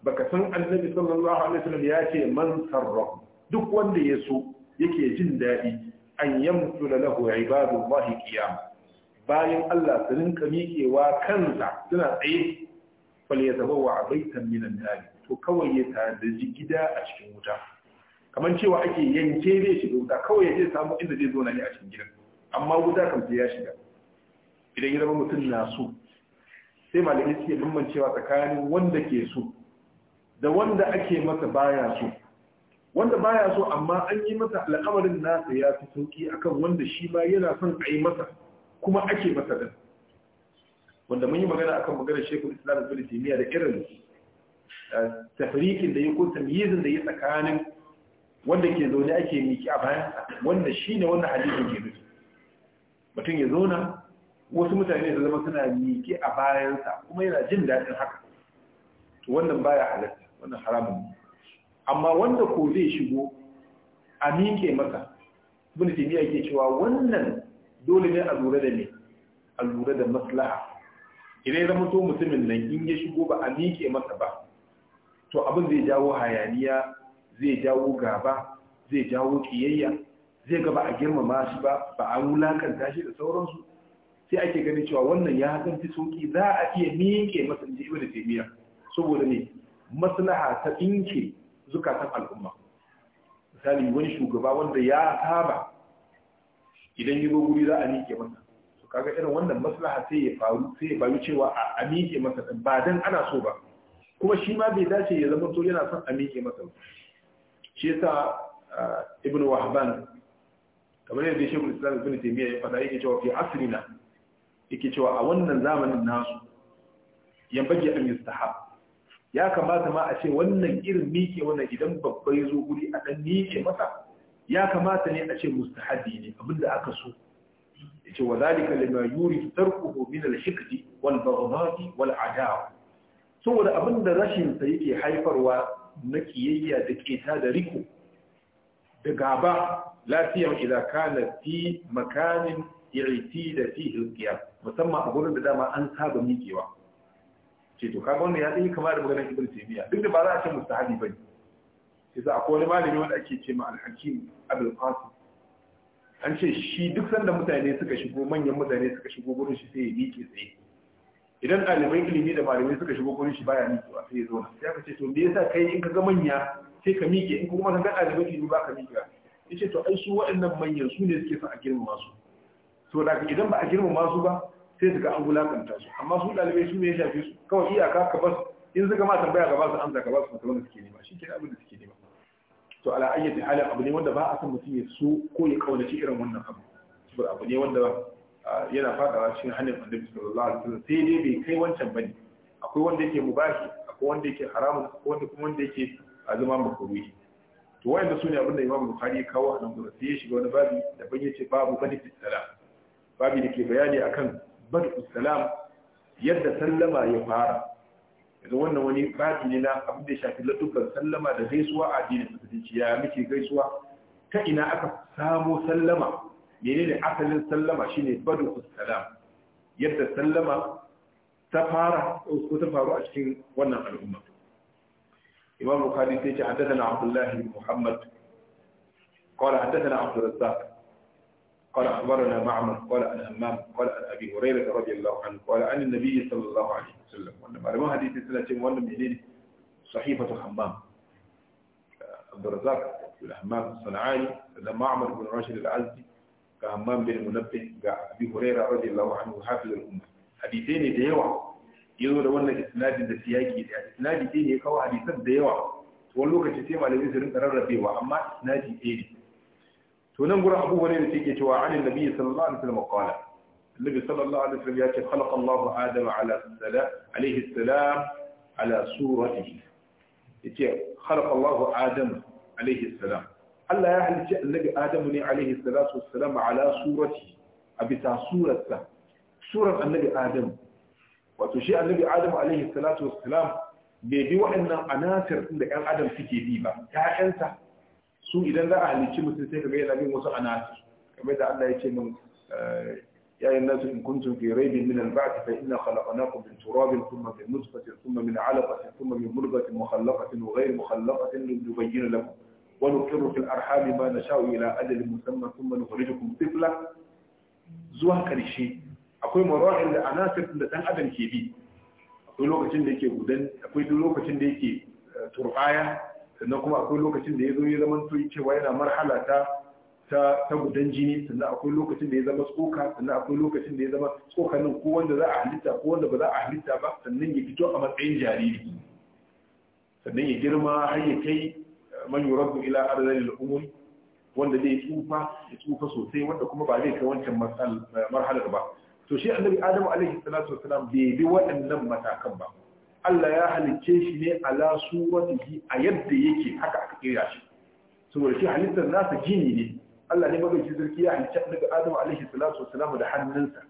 baka san annabi sallallahu alaihi wasallam ya ce man sarrafa duk wanda ya so yake jin daɗi an yamsu da lahu ibadullahi qiyam bayan Allah su rinka miƙewa kansa suna tsaye fal yatabawwa baitan minan to kawai ya da gida a cikin wuta kamar cewa ake yanke zai shiga wuta kawai ya je samu inda zai zo na ne a cikin gidan amma wuta kan ya shiga idan ya zama mutum na so sai malamai suke bambancewa tsakanin wanda ke so da wanda ake masa baya so wanda baya so amma an yi masa al'amarin nasa ya fi sauki akan wanda shi ma yana son a yi masa kuma ake masa din wanda mun yi magana akan maganar shekul islam ibn taymiya da irin Eh, tafrikin da ya ko tamyizin da ya tsakanin wanda ke zaune ake miki a bayan wanda ne wannan hadisin ke nufi mutum ya zauna wasu mutane da zama suna miki a bayansa kuma yana jin daɗin haka To wannan baya halatta wannan haramun ne amma wanda ko zai shigo a miƙe masa ibn taymiya ke cewa wannan dole ne a lura da ne a lura da maslaha idan ya zama to mutumin nan in ya shigo ba a miƙe masa ba to abin zai jawo hayaniya zai jawo gaba zai jawo kiyayya zai gaba a girmama shi ba ba a wulakanta shi da sauransu sai ake ganin cewa wannan ya zanci sauki za a iya miƙe masa ibi da taymiya saboda ne maslaha ta dinke zukatan al'umma misali wani shugaba wanda ya saba idan yi guri za a miƙe masa to kaga irin wannan maslaha sai ya faru sai ya faru cewa a miƙe masa ba dan ana so ba kuma shi ma bai dace ya zama to yana son a miƙe masa Shi ya sa ibn wahban kamar yadda shi islam ibn taymiya ya faɗa yake cewa fi asrina yake cewa a wannan zamanin nasu yambage an yustahab ya kamata ma a ce wannan irin miƙe wannan idan babba ya zo guri a dan miƙe masa ya kamata ne a ce mustahabi ne abinda aka so yace wa zalika lima yuri tarkuhu min al-hikdi wal baghdadi wal adawa saboda abin da rashinsa yake haifarwa na kiyayya da keta da riko da gaba lafiyar idaka fi makanin iriti da fi hilkiya musamman a gurin da dama an saba mikewa ce to kaga ya tsaye kama da maganar ibir tebiya duk da ba za a ce mustahabi bai ne. za akwai wani malami wanda ake ce ma alhakin hakim abul an ce shi duk sanda mutane suka shigo manyan mutane suka shigo gudun shi sai ya ke tsaye idan ɗaliban ilimi da malamai suka shigo gurin shi baya miƙewa sai ya zo sai aka ce to me yasa kai in ka ga manya sai ka miƙe in kuma ka ga ɗaliban ilimi ba ka miƙewa yace to ai su waɗannan manyan su ne suke sa a girmama su to da idan ba a girmama su ba sai su ga an wulakanta su amma su ɗalibai su ne ya shafe su kawai iyaka ka bas in suka ma tambaya ka ba su amsa ka ba su matsalar da suke nema shi ke abin da suke nema to ala ayyati halin abu ne wanda ba a san mutum ya so ko ya kaunaci irin wannan abu abu ne wanda yana fadawa cikin hannun annabi sallallahu alaihi wasallam sai dai bai kai wancan bane akwai wanda yake mubahi akwai wanda yake haramun akwai wanda kuma wanda yake azuma makruhi to wanda su ne abin da Imam Bukhari ya kawo a nan gurin sai ya shiga wani babi da ban yace babu bani salam babi da ke bayani akan bani salam yadda sallama ya fara yanzu wannan wani babi ne na abin da ya shafi laddukan sallama da gaisuwa a addinin musulunci ya muke gaisuwa ta ina aka samo sallama menene asalin sallama shine badu salam yadda sallama ta fara ko ta faru a cikin wannan al'umma imam bukhari sai ce haddathana abdullah bin muhammad qala haddathana abdur razzaq qala akhbarana ma'mar qala an hammam qala an abi hurairah radiyallahu anhu qala an an-nabiy sallallahu alaihi wasallam wannan malaman hadisi suna cewa wannan menene sahifatu hammam abdur razzaq bin hammam sana'ani da ma'mar bin rashid al-azdi ga Amman bin Munabbih ga Abi Hurairah radiyallahu anhu hafiz al-umma hadisi ne da yawa yazo da wannan isnadin da siyaki da isnadi dai ne kawo hadisan da yawa to wani lokaci sai malami su rinka rarrabewa amma isnadi ɗaya ne to nan gurin Abu Hurairah yake cewa an annabi sallallahu alaihi wasallam qala annabi sallallahu alaihi wasallam ya ce khalaqa Allahu Adam ala salam alaihi salam ala suratihi yace khalaqa Allahu Adam alaihi salam Allah ya halicci annabi Adamu ne alaihi salatu wassalam ala surati a bisa surarsa surar annabi Adamu wato shi annabi Adamu alaihi salatu wassalam bai bi waɗannan anatar da ƴan adam suke bi ba ƴaƴansa su idan za a halicci mutum sai kaga yana bin wasu anatar kamar da Allah ya ce min يا الناس إن كنتم في ريب من البعث فإنا خلقناكم من تراب ثم من نطفة ثم من علقة ثم من ملغة مخلقة وغير مخلقة لنبين لكم ونقر في الأرحام ما نشاء إلى أجل مسمى ثم نخرجكم طفلا zuwa ƙarshe akwai marahil da anasir da ɗan adam ke bi akwai lokacin da yake gudan akwai lokacin da yake turbaya sannan kuma akwai lokacin da ya zo ya zama cewa yana marhala ta ta gudan jini sannan akwai lokacin da ya zama tsoka sannan akwai lokacin da ya zama tsokanin ko a halitta ko wanda ba za a halitta ba sannan ya fito a matsayin jariri sannan ya girma har ya kai man yuraddu ila arzalil umur wanda zai tsufa ya tsufa sosai wanda kuma ba zai kai wancan eh, marhalar ba to shi annabi adamu alaihi salatu wasalam bai bi waɗannan matakan ba Allah ya halicce shi ne ala suratihi a yadda yake haka aka kira shi saboda shi halittar nasa jini ne Allah ne madauki sarki ya halicce annabi adamu alaihi salatu wasalam da hannunsa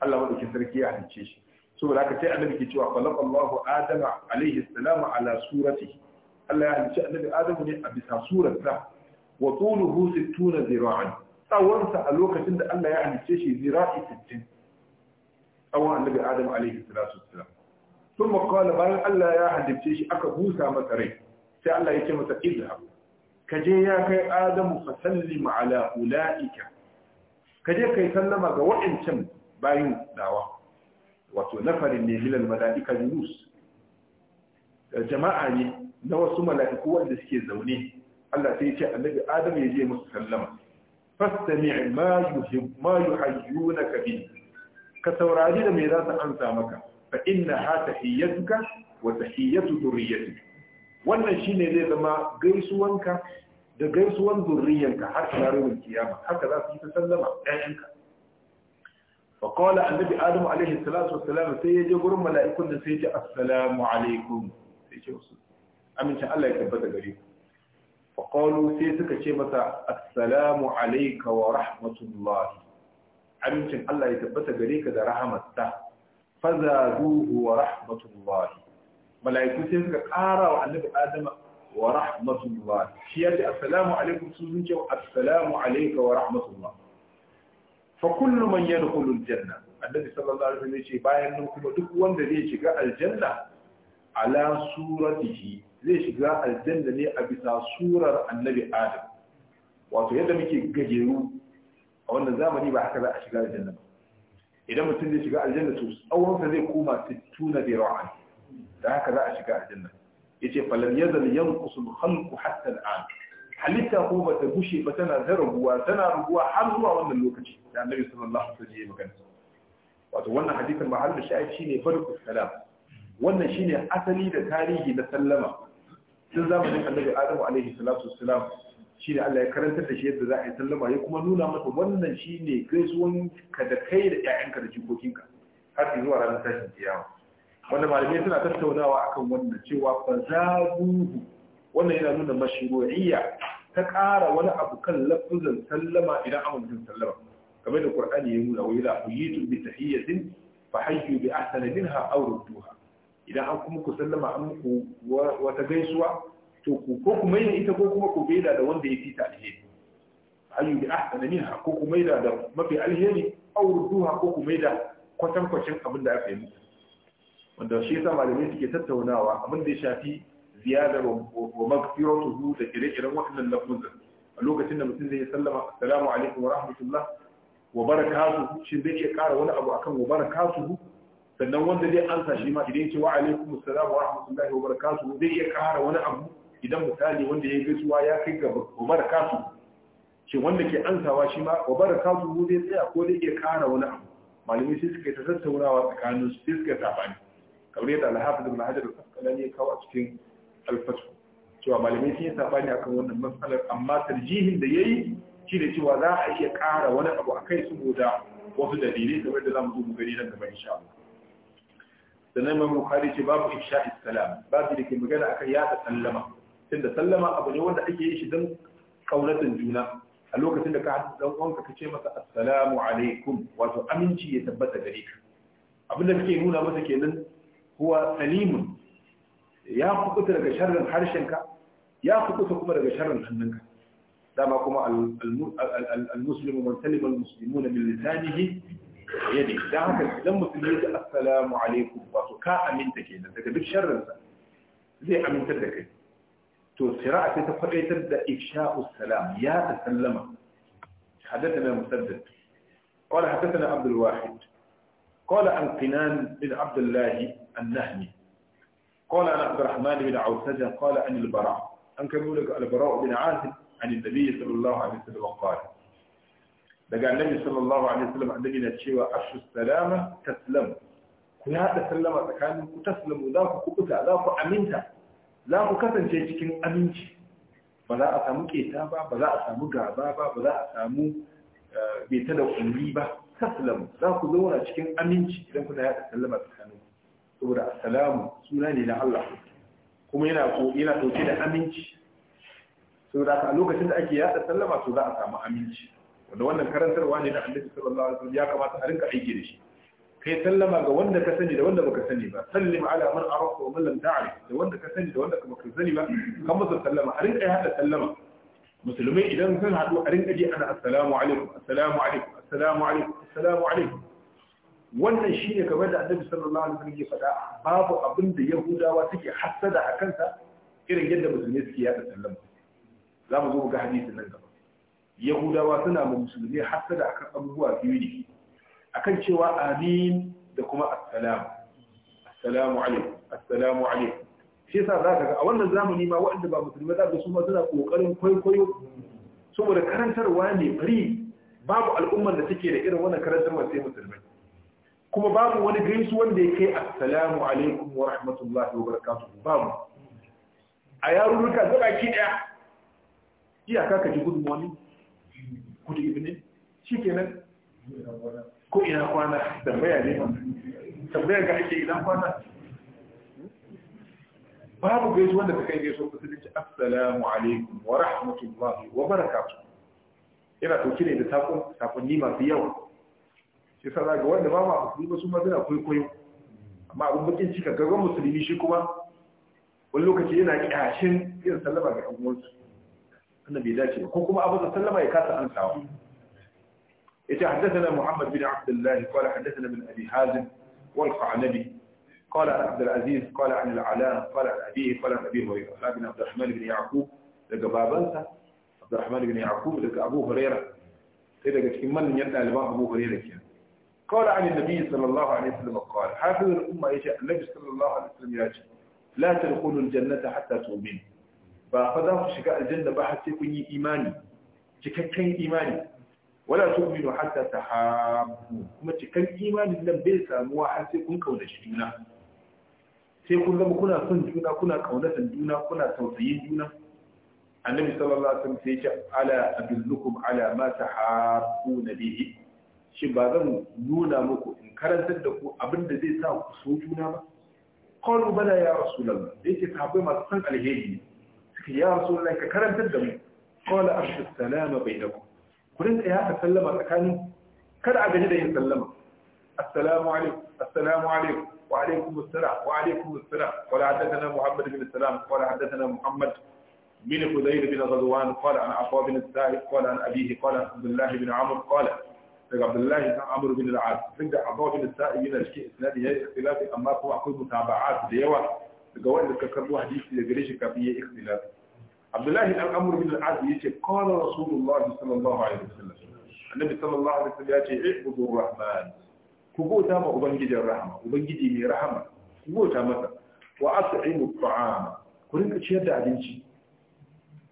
Allah madauki sarki ya halicce shi saboda haka sai annabi ke cewa khalaqallahu adama alaihi salam ala suratihi Allah ya halicci annabi Adamu ne a bisa surarsa wa tuluhu 60 zira'an tsawonsa a lokacin da Allah ya halicce shi zira'i 60 tsawon annabi Adamu alaihi salatu wassalam Sun قال bayan Allah ya halicce shi aka busa masa rai sai Allah ya ce masa idhab ka je ya kai Adamu fa sallim ala ulaika ka je ka yi sallama ga wa'ancan bayin dawa wato nafarin ne milal mala'ika yunus jama'a ne na wasu mala'iku wanda suke zaune Allah sai ya ce annabi Adam ya je musu sallama fastami' ma yuhib ma yuhayyunaka bi ka saurari da me za ta amsa maka fa inna ha tahiyyatuka wa tahiyyatu dhurriyyatika wannan shine zai zama gaisuwanka da gaisuwan zurriyanka har ta ranar kiyama haka za su yi ta sallama ɗayanka fa qala annabi adam alaihi salatu wassalam sai ya je gurin mala'ikun da sai ya ce assalamu alaikum amincin Allah ya tabbata gare ku fa qalu sai suka ce masa assalamu alayka wa rahmatullah amincin Allah ya tabbata gare ka da rahmatsa fazaduhu wa rahmatullah malaiku sai suka ƙara wa annabi Adam wa rahmatullah shi ya ce assalamu alaikum sun ce assalamu alayka wa rahmatullah fa kullu man yadkhulu aljanna annabi sallallahu alaihi wasallam ya ce bayan nan kuma duk wanda zai shiga aljanna ala suratihi zai shiga aljanna ne a bisa surar annabi adam wato yadda muke gajeru a wannan zamani ba haka za a shiga aljanna ba idan mutum zai shiga aljanna to tsawonsa zai koma sittuna dira'an da haka za a shiga aljanna yace falam yazal yanku al-khalqu hatta al-an halitta ko ba ta gushe ba tana zarabuwa tana rubuwa har zuwa wannan lokaci da annabi sallallahu alaihi wasallam ya magana wato wannan hadisin mahallin shahid shine farko salam wannan shine asali da tarihi na sallama tun zamanin annabi adamu alaihi salatu wassalam shine Allah ya karanta da shi yadda za a yi sallama ya kuma nuna masa wannan shine gaisuwan ka da kai da ƴaƴanka da jikokinka har zuwa ranar tashin kiyama wanda malamai suna tattaunawa akan wannan cewa fa zabuhu wannan yana nuna mashru'iyya ta ƙara wani abu kan lafuzan sallama idan an mutum sallama kamar da Qur'ani ya nuna wa ila quyitu bi tahiyyatin fa hayyu bi ahsani minha aw rudduha idan an kuma ku sallama an muku wata gaisuwa to ku ko ku maida ita ko kuma ku maida da wanda ya fita alheri ayu bi ahsana minha ko ku maida da mafi alheri aw rudduha ko ku maida kwatan kwacin abin da aka yi muku wanda shi yasa malamai suke tattaunawa abin da ya shafi ziyadar wa magfiratuhu da kire iren waɗannan lafuzan a lokacin da mutum zai sallama assalamu alaikum wa rahmatullah wa barakatuhu shin zai iya ƙara wani abu akan wa barakatuhu sannan wanda zai ansa shi ma idan ce wa alaikum assalam wa rahmatullahi wa barakatuh zai iya kara wani abu idan misali wanda ya gaisuwa ya kai ga wa barakatuh shi wanda ke ansawa shi ma wa barakatuh zai tsaya ko zai iya kara wani abu malami sai suka ta tattaunawa tsakanin su sai suka tabani kamar yadda al-hafiz ibn hajar al-asqalani ya kawo a cikin al-fath cewa malamai sun yi sabani akan wannan matsalar amma tarjihin da yayi shi da cewa za a iya kara wani abu akai saboda wasu dalilai kamar da zamu zo mu gani nan gaba insha Allah sannan mai bukari ce babu isha islam babu da ke magana akan yada sallama inda sallama abu ne wanda ake yi shi don kaunatan juna a lokacin da ka haɗu dan uwanka ka ce masa assalamu alaikum wato aminci ya tabbata gare ka abinda kake nuna masa kenan huwa salimun ya kukuta daga sharrin harshenka ya kukuta kuma daga sharrin hannunka dama kuma al-muslimu man salima al-muslimuna min lisanihi yadi dan haka idan musulmi ya assalamu alaikum wato ka aminta kenan daga duk sharrin sa zai amintar da kai to shari'a sai ta faɗaitar da ifsha'u salam ya ta sallama حدثنا مسدد قال حدثنا عبد الواحد قال عن قنان بن عبد الله النهمي قال عن عبد الرحمن بن عوسجة قال عن البراء أنكروا لك البراء بن عازم عن النبي صلى الله عليه وسلم قال daga annabi sallallahu alaihi wasallam annabi na cewa ashu salama taslamu ku hada sallama tsakanin ku taslamu za ku kubuta za ku aminta za ku kasance cikin aminci ba za a samu keta ba ba za a samu gaba ba ba za a samu eh, beta da kuri ba taslamu za ku zauna cikin aminci idan kuna hada sallama tsakanin saboda assalamu suna ne na Allah kuma yana ko yana dauke da aminci saboda a lokacin da ake yada sallama to za a samu aminci wanda wannan karantarwa ne da annabi sallallahu alaihi wasallam ya kamata a rinka aiki da shi kai sallama ga wanda ka sani da wanda baka sani ba sallim ala man arafa wa man lam ta'rif da wanda ka sani da wanda baka sani ba kan musu sallama a rinka hada sallama musulmai idan sun hadu a rinka ji ana assalamu alaikum assalamu alaikum assalamu alaikum assalamu alaikum wannan shine kamar da annabi sallallahu alaihi wasallam ya faɗa babu abin da yahudawa suke hassada a kansa irin yadda musulmai suke yada sallama za mu zo mu ga hadisin nan gaba yahudawa suna mu musulmi da akan abubuwa biyu ne akan cewa amin da kuma assalamu assalamu alaikum assalamu alaikum shi yasa zaka ga a wannan zamani ma waɗanda ba musulmi za ga su ma suna kokarin kwaikwayo saboda karantarwa ne bari? babu al'ummar da take da irin wannan karantarwa sai musulmai kuma babu wani gaisu wanda ya kai assalamu alaikum wa rahmatullahi wa barakatuh babu a yarurruka gaba ki daya iyaka ka ji gudunmu wani good evening shi nan ko ina kwana tambaya ne tambaya ga ake ina kwana babu gaisu wanda ta kai gaisu musulunci assalamu alaikum wa rahmatullahi wa barakatuh yana to ne da takon takonni masu yawa shi sa ga wanda ba ma musulmi ba su ma suna kwaikwayo amma abin bakin cika gaban musulmi shi kuma wani lokaci yana kyashin yin sallama ga ɗan النبي bai dace كما أبو kuma abu da sallama ya kasa ansawa yace haddathana muhammad bin abdullah qala haddathana min قال عبد العزيز قال عن العلاء قال عن أبيه قال عن أبي هريرة لكن عبد الرحمن بن يعقوب لقى بابنسا عبد الرحمن بن يعقوب لقى أبو هريرة إذا إيه قلت من يدعى لباب أبو هريرة كان قال عن النبي صلى الله عليه وسلم قال حافظ الأمة يجاء النبي صلى الله عليه وسلم يجاء لا تدخلوا الجنة حتى تؤمنوا ba fa za ku shiga aljanna ba har sai kun yi imani cikakken imani wala tu'minu hatta tahabbu kuma cikakken imanin nan bai samuwa har sai kun kaunaci juna sai kun zama kuna son juna kuna kaunatan juna kuna tausayin juna annabi sallallahu alaihi wasallam sai ya ala adullukum ala ma tahabbuna bihi shi ba zan nuna muku in karantar da ku abinda zai sa ku so juna ba qalu bala ya rasulullah yake sahabbai masu san alheri ya rasulullah ka karantar da mu qala afshu salama bai bainakum ku rinka ya sallama tsakanin kada a gaji da yin sallama assalamu alaikum assalamu alaikum wa alaikum assalam wa alaikum assalam wa hadathana muhammad bin salam wa hadathana muhammad bin hudayr bin ghazwan qala an aqwa bin sa'id qala an abihi qala abdullah bin amr qala daga abdullah bin amr bin al-as daga aqwa bin sa'id yana cikin isnadi ya ikhtilafi amma kuma akwai mutaba'at da yawa daga wanda suka karbo hadisi da gare shi kafin ya ikhtilafi abdullahi dan amr bin al-az yace qala rasulullah sallallahu alaihi wasallam annabi sallallahu alaihi wasallam yace ibudu rahman ku bota ma ubangijin rahama ubangiji mai rahama ku bota masa wa as'imu at'ama ku rinka ciyar da abinci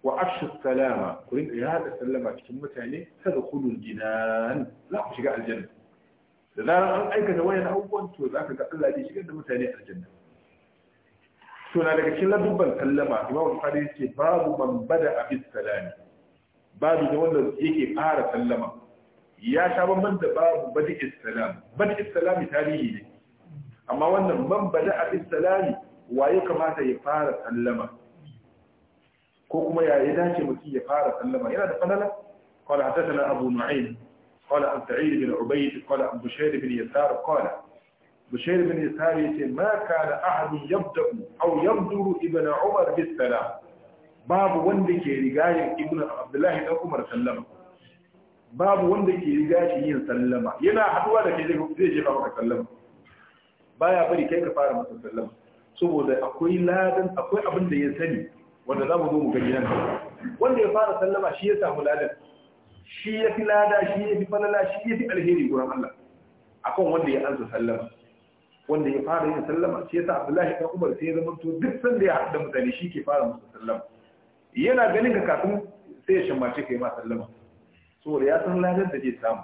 wa afshu salama ku rinka haɗa sallama cikin mutane kada kulul jinan za ku shiga aljanna da zarar an aikata wayan abubuwan to za ka ga Allah ya shigar da mutane aljanna to na daga cikin ladubban sallama imamu bukhari yace babu man bada abis salami babu da wanda yake fara sallama ya sha bamban da babu badi islam badi islam tarihi ne amma wannan man bada abis salami ya kamata ya fara sallama ko kuma ya yi dace mutum ya fara sallama yana da fadala قال حدثنا أبو نعيم قال عن سعيد بن عبيد قال عن بشير بن يسار قال بشير بن إسهاري ما كان أحد يبدأ أو يبدو ابن عمر بالسلام باب وندك رقاية ابن عبد الله بن عمر سلم باب وندك رقاية سلم ينا حدوة لك زي جيفا عمر سلم baya bari kai ka fara masa sallama saboda akwai ladan akwai abin ya sani wanda za mu zo mu gani nan wanda ya fara sallama shi ya samu ladan shi ya fi lada shi ya fi falala shi ya fi alheri gurin Allah akan wanda ya ansa sallama wanda ya fara yin sallama sai yasa Abdullahi dan Umar sai ya zama to duk sanda ya hada mutane shi ke fara musu sallama yana ganin ka kafin sai ya shammace kai ma sallama saboda ya san ladar da zai samu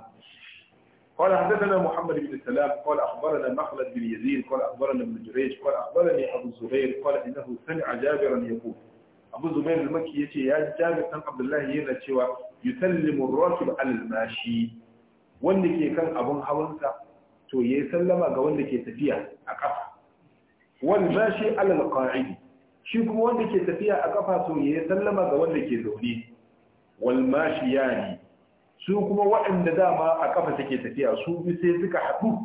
قال حدثنا محمد بن سلام قال أخبرنا مخلد بن يزيد قال أخبرنا ابن جريج قال أخبرني أبو الزبير قال إنه سمع جابرا يقول أبو الزبير المكي يتي يا جابر بن عبد الله ينا يسلم الراكب على الماشي wanda ke kan abun hawansa to ya yi sallama ga wanda ke tafiya a ƙafa wani ba shi alal ƙa'idi shi kuma wanda ke tafiya a ƙafa to ya yi sallama ga wanda ke zaune walmashi ya ne su kuma waɗanda dama a ƙafa take tafiya su bi sai suka haɗu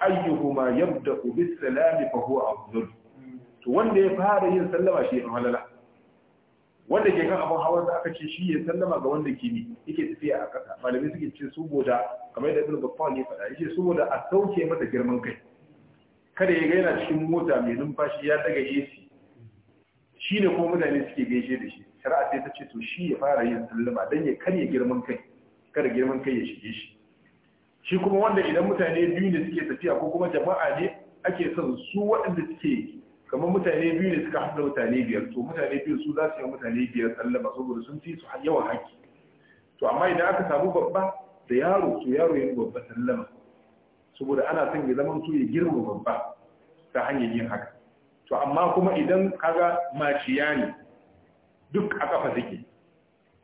ayyuhuma yabda bis salami fa huwa afdal to wanda ya fara yin sallama shi ya halala wanda ke kan abin hawan aka ce shi ya sallama ga wanda ke bi yake tafiya a kasa. malamai suke ce saboda kamar da ibnu baffal ya faɗa yake saboda a sauke mata girman kai kada ya ga yana cikin mota mai numfashi ya daga AC shi ne kuma mutane suke gaishe da shi shari'a sai ta ce to shi ya fara yin sallama dan ya karya girman kai kada girman kai ya shige shi shi kuma wanda idan mutane biyu ne suke tafiya ko kuma jama'a ne ake son su waɗanda suke kamar mutane biyu ne suka haɗa mutane biyar to mutane biyu su za su yi mutane biyar sallama saboda sun fi su yawan haƙƙi to amma idan aka samu babba da yaro to yaro ya babba sallama saboda ana son ya zama to ya girma babba ta hanyar yin haka to amma kuma idan kaga maciya ne duk a kafa take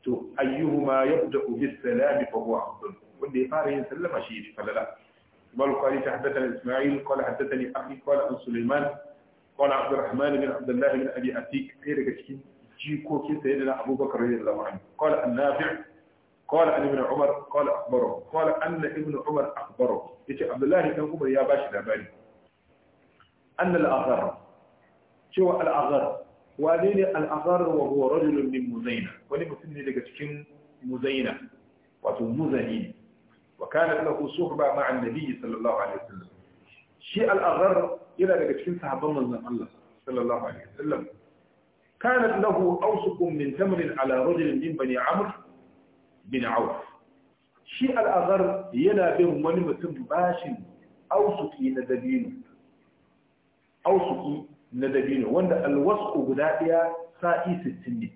to ayyuhuma yabda'u bis salami fa huwa afdal wanda ya fara yin sallama shi ya falala قال قال حدثنا اسماعيل قال حدثني اخي قال عن Suleiman. wala abdul rahman bin abdullah bin abi atik kai daga cikin jikokin sayyidina abubakar radiyallahu anhu qala an-nafi' qala ibn umar qala akhbaro qala anna ibn umar akhbaro yace abdullah bin umar ya bashi labari anna al-aghar cewa al-aghar wane ne al wani mutum ne daga cikin muzayna wato muzani wa kana lahu suhba ma'a an-nabi sallallahu alaihi wasallam shi al-aghar yana daga cikin sahabban manzon Allah sallallahu alaihi wasallam kanat lahu awsukum min tamrin ala rajulin min bani amr bin auf shi al'azar yana bin wani mutum bashin ausuki na dabino ausuki na dabino wanda alwasu guda ɗaya sa'i 60 ne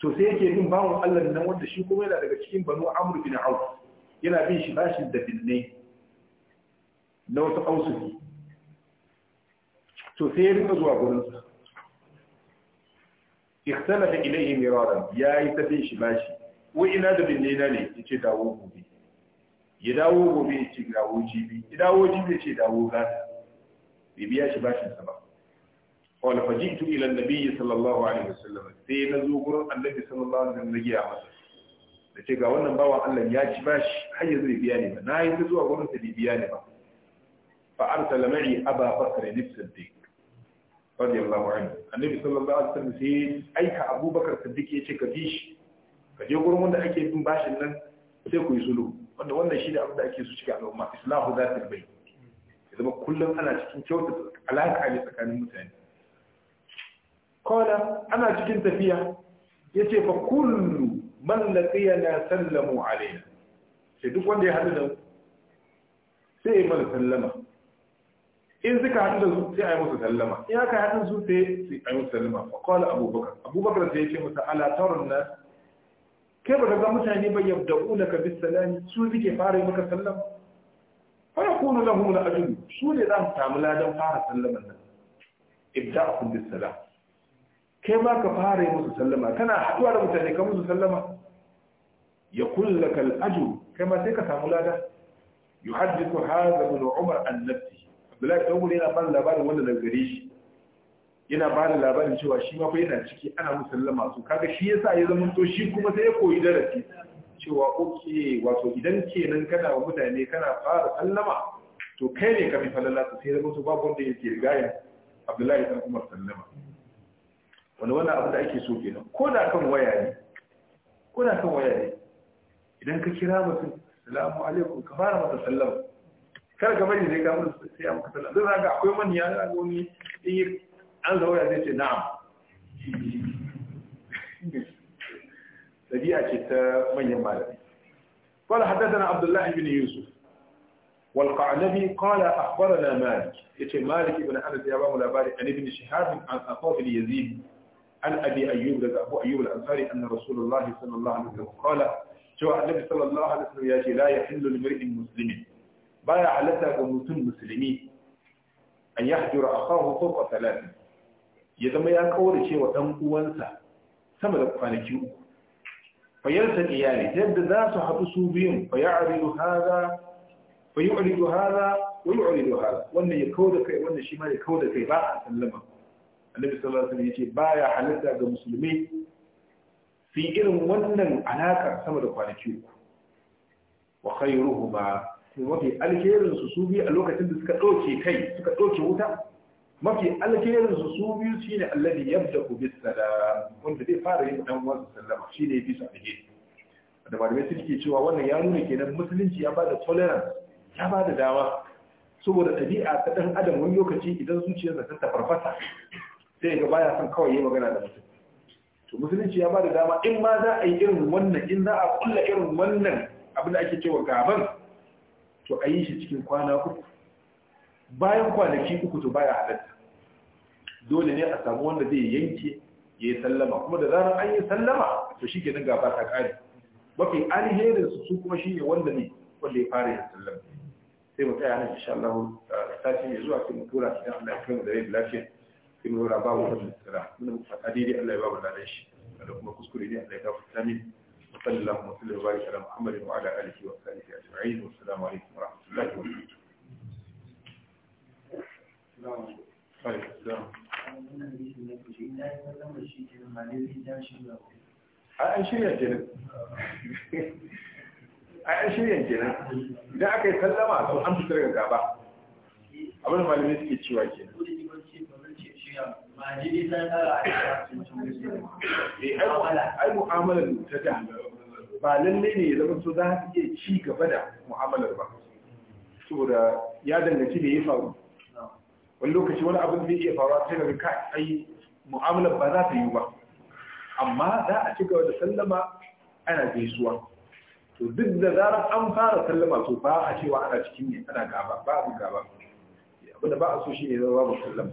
to sai yake bin bawon Allah nan wanda shi kuma yana daga cikin banu amr bin auf yana bin shi bashin dabinnai na wasu ausuki to sai ya rika zuwa gurin sa. gurinsa ikhtalafa ilayhi miraran yayi ta bin shi bashi wa ina da bin nena ne yace dawo gobe ya dawo gobe ya ce dawo jibi ya dawo jibi ya yace dawo gata bai biya shi bashin sa ba qala fajitu ila an-nabiy sallallahu alaihi wasallam sai na zo gurin annabi sallallahu alaihi wasallam ya masa da ce ga wannan bawan Allah ya ci bashi har yanzu bai biya ne ba na yi zuwa gurin sa bai biya ne ba fa arsala ma'i aba bakr ibn siddiq radiyallahu anhu annabi sallallahu alaihi wasallam sai aika abubakar siddiq ce ka bi shi ka je gurin wanda ake bin bashin nan sai ku yi sulhu wanda wannan shi da abin da ake so cikin al'umma islahu zatul bayt ya zama kullum ana cikin kyauta alaka ne tsakanin mutane kola ana cikin tafiya ya ce fa kullu man laqiyana sallamu alaina sai duk wanda ya hadu da sai ya mana sallama in suka haɗu da su sai a yi musu sallama in aka haɗu su sai a yi musu sallama fa qala abubakar abubakar sai ya ce masa ala tarun nas kai ba ga mutane ba yabda'una ka bis salami su suke fara yi maka sallama fa yakunu lahum al ajr su ne za su samu ladan fara sallaman nan ibda'ukum bis salam kai ma ka fara yi musu sallama kana haɗuwa da mutane ka musu sallama ya kullaka al ajr kai ma sai ka samu ladan yuhaddithu hadha ibn umar an nafsihi bilal ɗan wuri yana ba da labarin wanda daga gare shi yana ba da labarin cewa shi ma kuma yana ciki ana musallama su kaga shi ya sa ya zama to shi kuma sai ya koyi darasi cewa oke wato idan kenan kana wa mutane kana fara sallama to kai ne ka fi falala su sai zama su babu wanda yake rigayen abdullahi ɗan umar sallama wani wannan abu da ake so kenan ko da kan waya ne ko da kan waya ne idan ka kira mutum salamu alaikum ka fara masa sallama kar bari sai ka mun sai ga akwai ya ga an ce ce ta manyan malami قال حدثنا عبد الله بن يوسف والقعنبي قال أخبرنا مالك يتي مالك ابن أنس يا ابو لاباري عن ابن شهاب عن اخوه اليزيد عن أبي أيوب لك أبو أيوب الأنصاري أن رسول الله صلى الله عليه وسلم قال جاء النبي صلى الله عليه وسلم يا لا يحل لامرئ مسلم baya halatta ga mutum musulmi an ya hajjura a kawo fauka talatin ya zama ya kaurace cewa ɗan uwansa sama da kwanaki uku fayarsa iyali yadda za su haɗu su biyun fayaridu haza fayuridu haza wayuridu haza wannan ya kawo da kai wannan shi ma ya kawo da kai ba a sallama annabi sallallahu alaihi ce ba ya halatta ga musulmi su yi irin wannan alakar sama da kwanaki uku wa ba. to mafi alkerin su su biyu a lokacin da suka ɗauke kai suka ɗauke wuta mafi alkerin su su biyu shine yadda ku bisa da wanda zai fara yin dan wasu sallama ne bisa ke da mai suke cewa wannan ya nuna kenan musulunci ya ba da tolerance ya ba da dama saboda ɗabi'a ta ɗan adam wani lokaci idan da ta farfasa sai ga baya son kawai yi magana da mutum to musulunci ya ba da dama in ma za a yi irin wannan in za a kulla irin wannan abin da ake cewa gaban to a yi shi cikin kwana uku bayan kwanaki uku to baya halatta dole ne a samu wanda zai yanke ya yi sallama kuma da zarar an yi sallama to shi ke nan gaba ta ƙari mafi alherin su su kuma shi ne wanda ne wanda ya fara yin sallama sai mu tsaya nan insha Allah sati ya zuwa sai mu tura idan Allah ya kai mu da rai lafiya sai mu tura babu wata tsira muna mu fata daidai Allah ya mu ladan shi da kuma kuskure ne Allah ya gafarta mini وصلى اللهم وسلم وبارك على محمد وعلى اله وصحبه اجمعين والسلام عليكم ورحمه الله وبركاته. عليكم السلام. an shirya jinin idan aka yi sallama to an fitar gaba abin malamai suke cewa ke ai ta da ba lallai ne ya zama so za su iya ci gaba da mu'amalar ba saboda ya danganci da ya faru wani lokaci wani abin zai iya faruwa sai daga kai ai mu'amalar ba za ta yi ba amma za a ci gaba da sallama ana gaisuwa to duk da zarar an fara sallama to ba a cewa ana cikin ne ana gaba ba abin gaba abinda ba a so shi ne zama ba sallama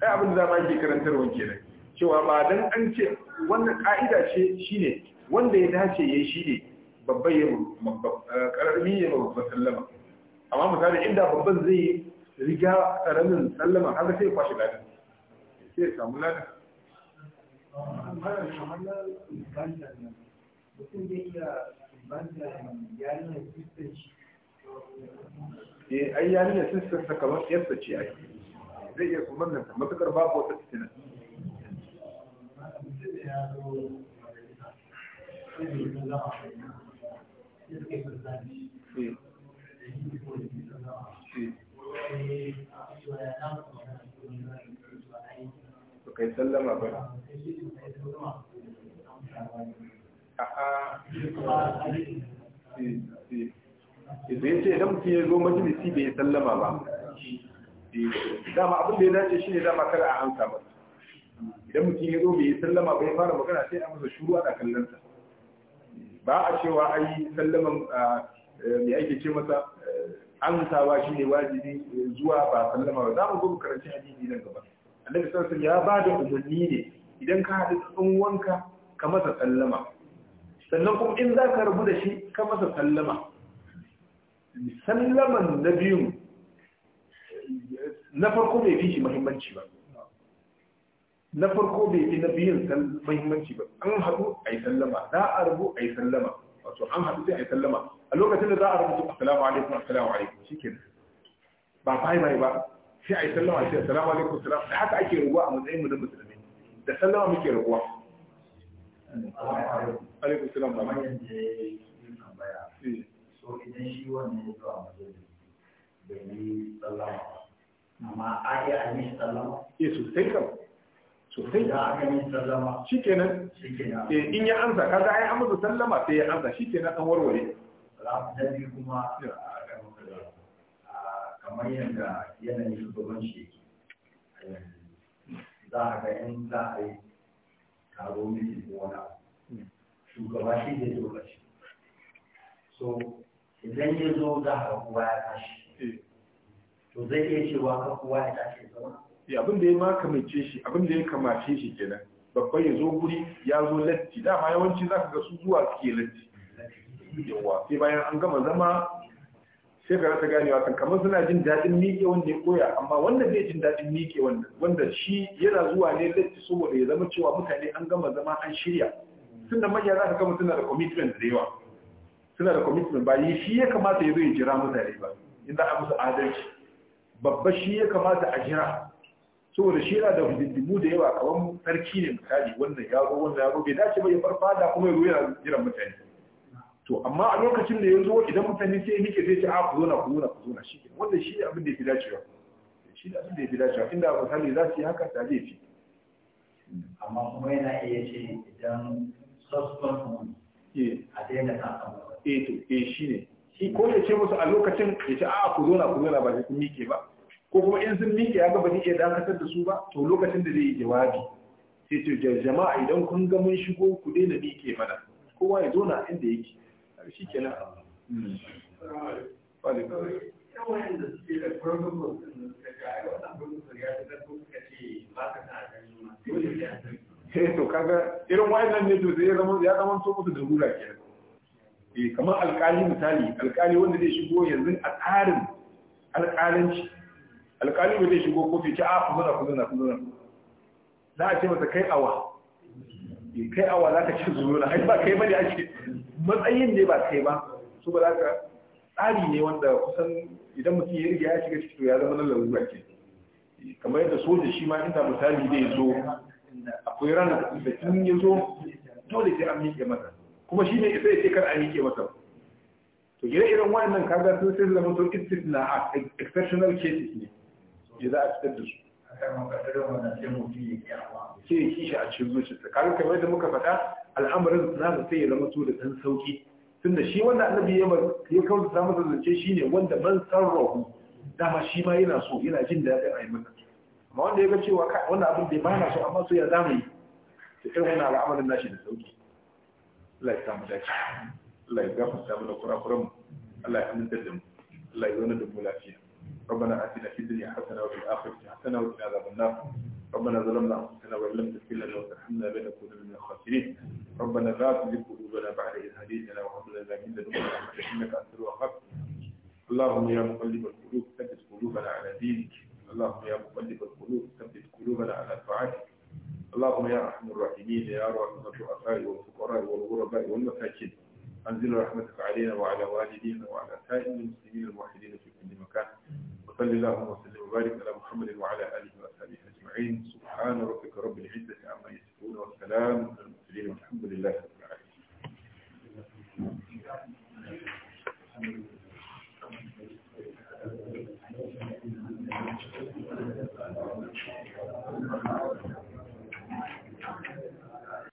sai abin da ma karantar wanke kenan cewa ba dan an ce wannan ka'ida ce shine wanda ya dace yayi ne babban ya eh, karami ya babban sallama amma misali inda babban zai riga karamin sallama haka sai kwashi ladan sai ya samu ladan mutum zai iya banda yarinyar eh ai yarinyar sistan sa kamar yadda ce ake zai iya kumannin ta matukar babu wata kai sallama ba idan ce idan mutum ya zo majalisi bai sallama ba dama abin da ya dace shi ne dama kada a amsa ba idan mutum ya zo bai sallama bai fara magana sai a masa shuru ana kallon sa ba a cewa ayi sallaman mai ake ce masa eh, amsawa shi ne wajibi zuwa ba sallama ba za mu zo karanci hadisi nan gaba annabi sallallahu ya ba da umarni ne idan ka haɗu tsan wanka ka masa sallama sannan kuma in za ka rabu da shi ka masa sallama sallaman na biyun na farko bai fi shi muhimmanci ba na farko bai fi na biyun muhimmanci ba an haɗu a yi sallama za a rubu a yi sallama wato an haɗu sai a yi sallama a lokacin da za a rubuta assalamu alaikum assalamu alaikum shikenan ba bai bai ba sai a yi sallama sai assalamu alaikum salam da haka ake rubuwa a matsayin mu na musulmi da sallama muke rubuwa alaikum salam ba mai eh. so idan shi wannan ya zo a majalisa bai yi sallama amma a yi a yi sallama eh sosai kam sosai da aka yi sallama shikenan shikenan e, in ya amsa kaga a an musu sallama sai ya amsa shikenan an warware rafi kuma kamar yadda yanayin shugabanci yake za a ga in za a yi taro miki gona shugaba shi zai zo shi so idan ya zo za a kuwa ya tashi to zai iya cewa ka kowa ya tashi zama ya eh, abin da ya makamace shi abin da ya kamace shi kenan babban ya zo guri ya zo latti dama yawanci za ka ga su zuwa suke latti yawa sai bayan an gama zama sai ka rasa ganewa kan kamar suna jin daɗin miƙe wanda ya koya amma wanda zai jin daɗin miƙe wanda wanda shi yana zuwa ne latti saboda ya zama cewa mutane an gama zama an shirya tun da manya za ka gama suna da commitment da yawa suna da commitment ba yi shi ya kamata ya zo ya jira mutane ba in za a musu adalci babba shi ya kamata a jira saboda shi yana da hudiddimu da yawa kamar sarki ne misali wannan zo wannan zo bai dace ba ya fada kuma ya zo yana jiran mutane to amma a lokacin da ya zo idan mutane sai ya nike sai ce a ah, ku zo na ku zo na ku zo na shi ne wannan shi ne abin da ya fi dacewa shi ne abin da ya fi dacewa inda misali za su yi haka da zai fi amma kuma yana iya ce idan sosfon a daina sakamakon eh to eh shi ne shi ko ya ce musu a lokacin ya ce a'a ku zauna ku zona ba sai kun miƙe ba ko kuma in sun miƙe ya ga ba zai iya dakatar da su ba to lokacin da zai yi jawabi sai ce jama'a idan kun ga mun shigo ku daina miƙe mana kowa ya zauna inda yake shi kenan to kaga irin wa'annan ne to ya zama ya zama to musu da rura kenan Eh, kamar alkali misali alkali wanda zai shigo yanzu a tsarin alkalanci alkali ba zai shigo kofi ci a kuzuna kuma kuzuna za a ce masa kai awa eh, kai awa za ka ci zuruna ai ba kai bane ce matsayin ne ba kai ba su ba za ka tsari ne wanda kusan idan mutum ya riga ya shiga ciki ya zama na larura ke eh, kamar yadda soja shi ma inda misali zai zo akwai ranar da in ya zo dole sai an miƙe masa kuma shi ne zai ce kar a miƙe masa to gire irin wannan kaga sun sai zama to istisna a exceptional cases ne ya za a fitar da su ke kishi a cikin zuciyarsa kaga kamar da muka faɗa al'amarin da sai ya zama to da ɗan sauƙi da shi wanda annabi ya ya kawo samun masa shi ne wanda man sarrahu dama shi ma yana so yana jin daɗin a yi masa amma wanda ya ga cewa wannan abin da ba na so amma so ya zama yi to irin wannan al'amarin nashi da sauƙi Allah ya samu dace Allah ya gafarta mana kurakuran Allah ya aminta da mu Allah ya zauna da ربنا آتنا في الدنيا حسنة وفي الآخرة حسنة وقنا عذاب النار ربنا ظلمنا أنفسنا وإن لم تغفر لنا وترحمنا لنكون من الخاسرين ربنا لا لقلوبنا بعد إذ هديتنا وهب لنا من لدنك رحمة إنك أنت الوهاب اللهم يا مقلب القلوب ثبت قلوبنا على دينك اللهم يا مقلب القلوب ثبت قلوبنا على طاعتك اللهم يا أرحم الراحمين يا رحمة الرؤساء والفقراء والغرباء والمساكين أنزل رحمتك علينا وعلى والدينا وعلى سائر المسلمين الموحدين في كل مكان وصل اللهم وسلم وبارك على محمد وعلى آله وأصحابه أجمعين سبحان ربك رب العزة عما يصفون والسلام على المرسلين والحمد لله رب العالمين Thank you.